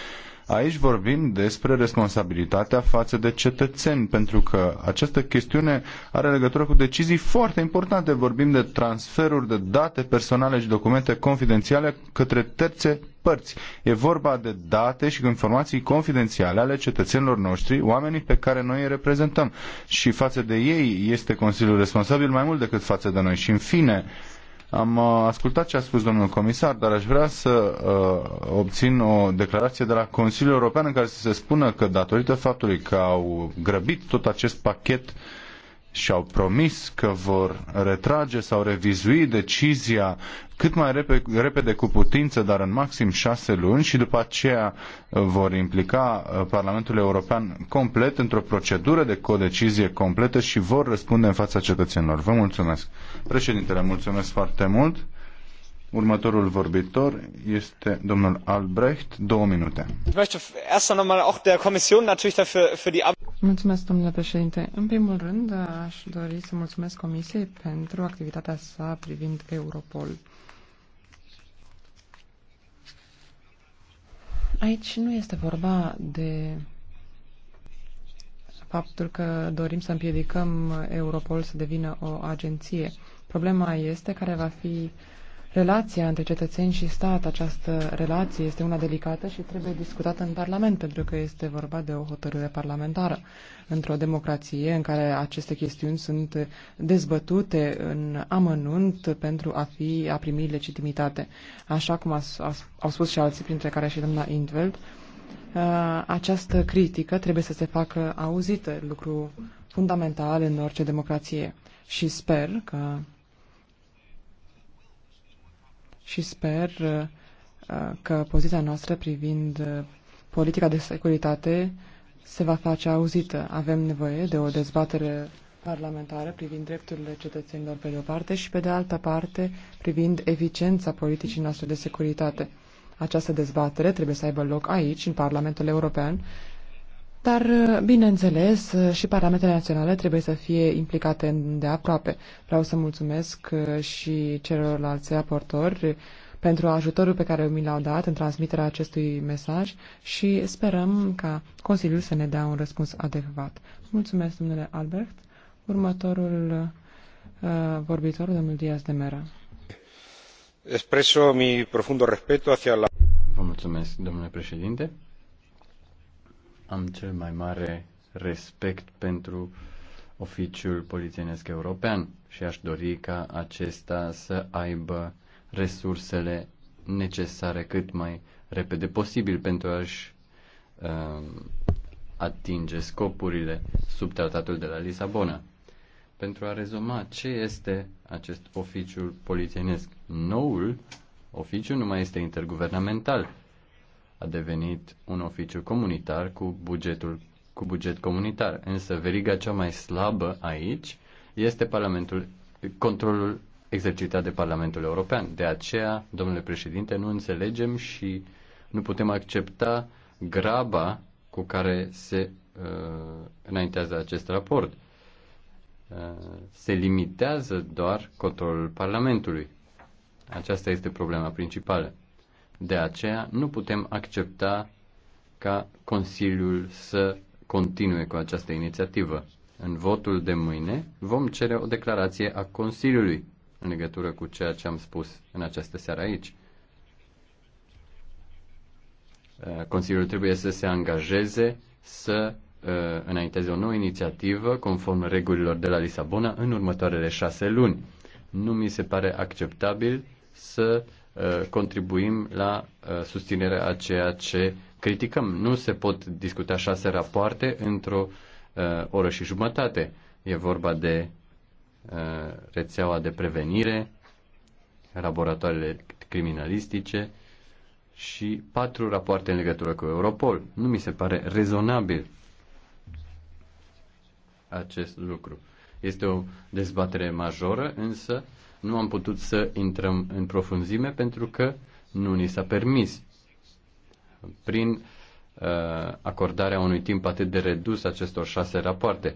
Aici vorbim despre responsabilitatea față de cetățeni, pentru că această chestiune are legătură cu decizii foarte importante. Vorbim de transferuri de date personale și documente confidențiale către terțe părți. E vorba de date și informații confidențiale ale cetățenilor noștri, oamenii pe care noi îi reprezentăm. Și față de ei este Consiliul responsabil mai mult decât față de noi. Și în fine, am uh, ascultat ce a spus domnul comisar, dar aș vrea să uh, obțin o declarație de la Consiliul European în care să se spună că datorită faptului că au grăbit tot acest pachet uh, și-au promis că vor retrage sau revizui decizia cât mai repede, repede cu putință, dar în maxim șase luni și după aceea uh, vor implica uh, Parlamentul European complet într-o procedură de codecizie completă și vor răspunde în fața cetățenilor. Vă mulțumesc. Președintele, mulțumesc foarte mult. Următorul vorbitor este domnul Albrecht, două minute. Mulțumesc, domnule președinte. În primul rând, aș dori să mulțumesc Comisiei pentru activitatea sa privind Europol. Aici nu este vorba de faptul că dorim să împiedicăm Europol să devină o agenție. Problema este care va fi uh, Relația între cetățeni și stat, această relație este una delicată și trebuie discutată în Parlament, pentru că este vorba de o hotărâre parlamentară. Într-o democrație în care aceste chestiuni sunt dezbătute în amănunt pentru a, fi, a primi legitimitate. Așa cum a, a, au spus și alții, printre care și doamna Intveld, uh, această critică trebuie să se facă auzită, lucru fundamental în orice democrație. Și sper că și sper uh, uh, că poziția noastră privind uh, politica de securitate se va face auzită. Avem nevoie de o dezbatere parlamentară privind drepturile cetățenilor pe de o parte și pe de altă parte privind eficiența politicii noastre de securitate. Această dezbatere trebuie să aibă loc aici, în Parlamentul European, dar, uh, bineînțeles, uh, și parametrele naționale trebuie să fie implicate de aproape. Vreau să mulțumesc uh, și celorlalți raportori pentru ajutorul pe care mi l-au dat în transmiterea acestui mesaj și sperăm ca Consiliul să ne dea un răspuns adecvat. Mulțumesc, domnule Albert. Următorul uh, vorbitor, domnul Diaz de Mera. Expreso mi profundo respeto hacia la... Vă mulțumesc, domnule președinte am cel mai mare respect pentru oficiul polițienesc european și aș dori ca acesta să aibă resursele necesare cât mai repede posibil pentru a-și uh, atinge scopurile sub tratatul de la Lisabona. Pentru a rezuma ce este acest oficiul polițienesc, noul oficiu nu mai este interguvernamental, a devenit un oficiu comunitar cu bugetul cu buget comunitar. Însă veriga cea mai slabă aici este Parlamentul, controlul exercitat de Parlamentul European. De aceea, domnule președinte, nu înțelegem și nu putem accepta graba cu care se uh, înaintează acest raport. Uh, se limitează doar controlul Parlamentului. Aceasta este problema principală. De aceea nu putem accepta ca Consiliul să continue cu această inițiativă. În votul de mâine vom cere o declarație a Consiliului în legătură cu ceea ce am spus în această seară aici. Uh, Consiliul trebuie să se angajeze să uh, înainteze o nouă inițiativă conform regulilor de la Lisabona în următoarele șase luni. Nu mi se pare acceptabil să Uh, contribuim la uh, susținerea a ceea ce criticăm. Nu se pot discuta șase rapoarte într-o uh, oră și jumătate. E vorba de rețeaua de prevenire, laboratoarele criminalistice și patru rapoarte în legătură cu Europol. Nu mi se pare rezonabil acest lucru. Este o dezbatere majoră, însă nu am putut să intrăm în profunzime pentru că nu ni s-a permis. Prin uh, acordarea unui timp atât de redus acestor șase rapoarte.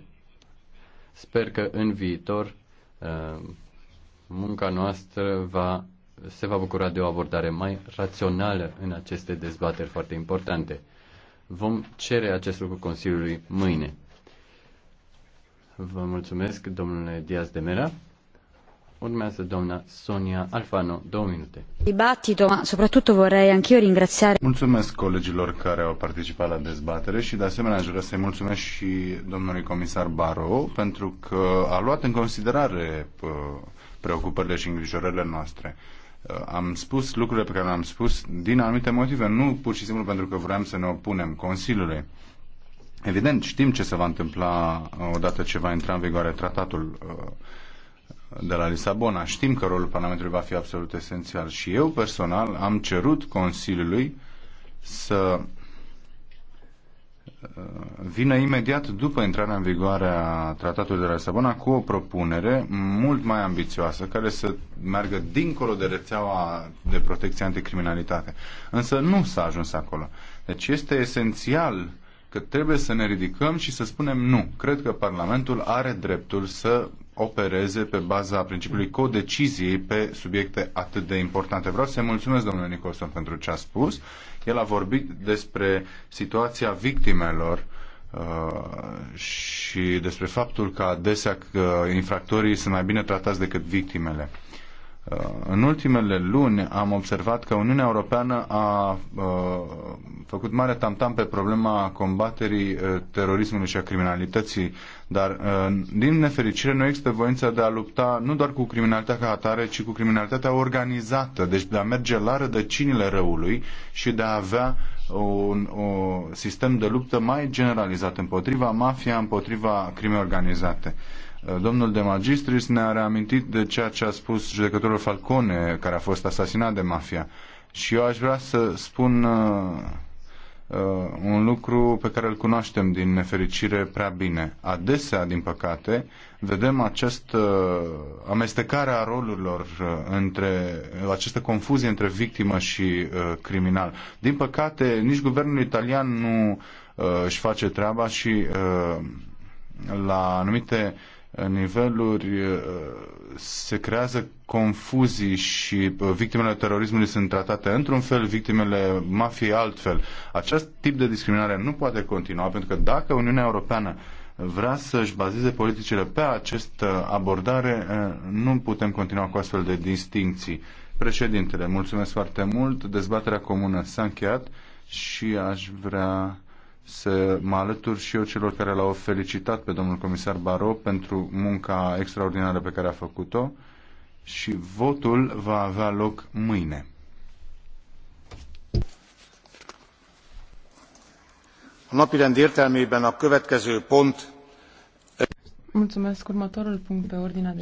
Sper că în viitor uh, munca noastră va, se va bucura de o abordare mai rațională în aceste dezbateri foarte importante. Vom cere acest lucru Consiliului mâine. Vă mulțumesc, domnule Diaz de Mera. Urmează doamna Sonia Alfano, două minute. Dibattito, ma soprattutto vorrei anch'io ringraziare... Mulțumesc colegilor care au participat la dezbatere și de asemenea aș vrea să-i mulțumesc și domnului comisar Baro pentru că a luat în considerare preocupările și îngrijorările noastre. Uh, am spus lucrurile pe care le-am spus din anumite motive, nu pur și simplu pentru că vrem să ne opunem Consiliului. Evident, știm ce se va întâmpla odată ce va intra în vigoare tratatul uh, de la Lisabona. Știm că rolul Parlamentului va fi absolut esențial și eu personal am cerut Consiliului să uh, vină imediat după intrarea în vigoare a tratatului de la Lisabona cu o propunere mult mai ambițioasă care să meargă dincolo de rețeaua de protecție anticriminalitate. Însă nu s-a ajuns acolo. Deci este esențial că trebuie să ne ridicăm și să spunem nu. Cred că Parlamentul are dreptul să opereze pe baza principiului codeciziei pe subiecte atât de importante. Vreau să-i mulțumesc domnului Nicolson, pentru ce a spus. El a vorbit despre situația victimelor uh, și despre faptul că adesea că uh, infractorii sunt mai bine tratați decât victimele. În ultimele luni am observat că Uniunea Europeană a uh, făcut mare tamtam pe problema combaterii uh, terorismului și a criminalității, dar uh, din nefericire nu există voința de a lupta nu doar cu criminalitatea ca atare, ci cu criminalitatea organizată, deci de a merge la rădăcinile răului și de a avea un, un sistem de luptă mai generalizat împotriva mafia, împotriva crimei organizate. Domnul de Magistris ne-a reamintit de ceea ce a spus judecătorul Falcone, care a fost asasinat de mafia. Și eu aș vrea să spun uh, uh un lucru pe care îl cunoaștem din nefericire prea bine. Adesea, din păcate, vedem această uh, amestecare a rolurilor uh, între, această confuzie între victimă și uh, criminal. Din păcate, nici guvernul italian nu uh, își face treaba și uh, la anumite niveluri uh, se creează confuzii și uh, victimele terorismului sunt tratate într-un fel, victimele mafiei altfel. Acest tip de discriminare nu poate continua pentru că dacă Uniunea Europeană vrea să-și bazeze politicile pe această abordare, uh, nu putem continua cu astfel de distinții. Președintele, mulțumesc foarte mult. Dezbaterea comună s-a încheiat și aș vrea să mă alătur și eu celor care l-au felicitat pe domnul comisar Baro pentru munca extraordinară pe care a făcut-o și votul va avea loc mâine. A napirend a következő pont Mulțumesc. Următorul punct pe ordinea de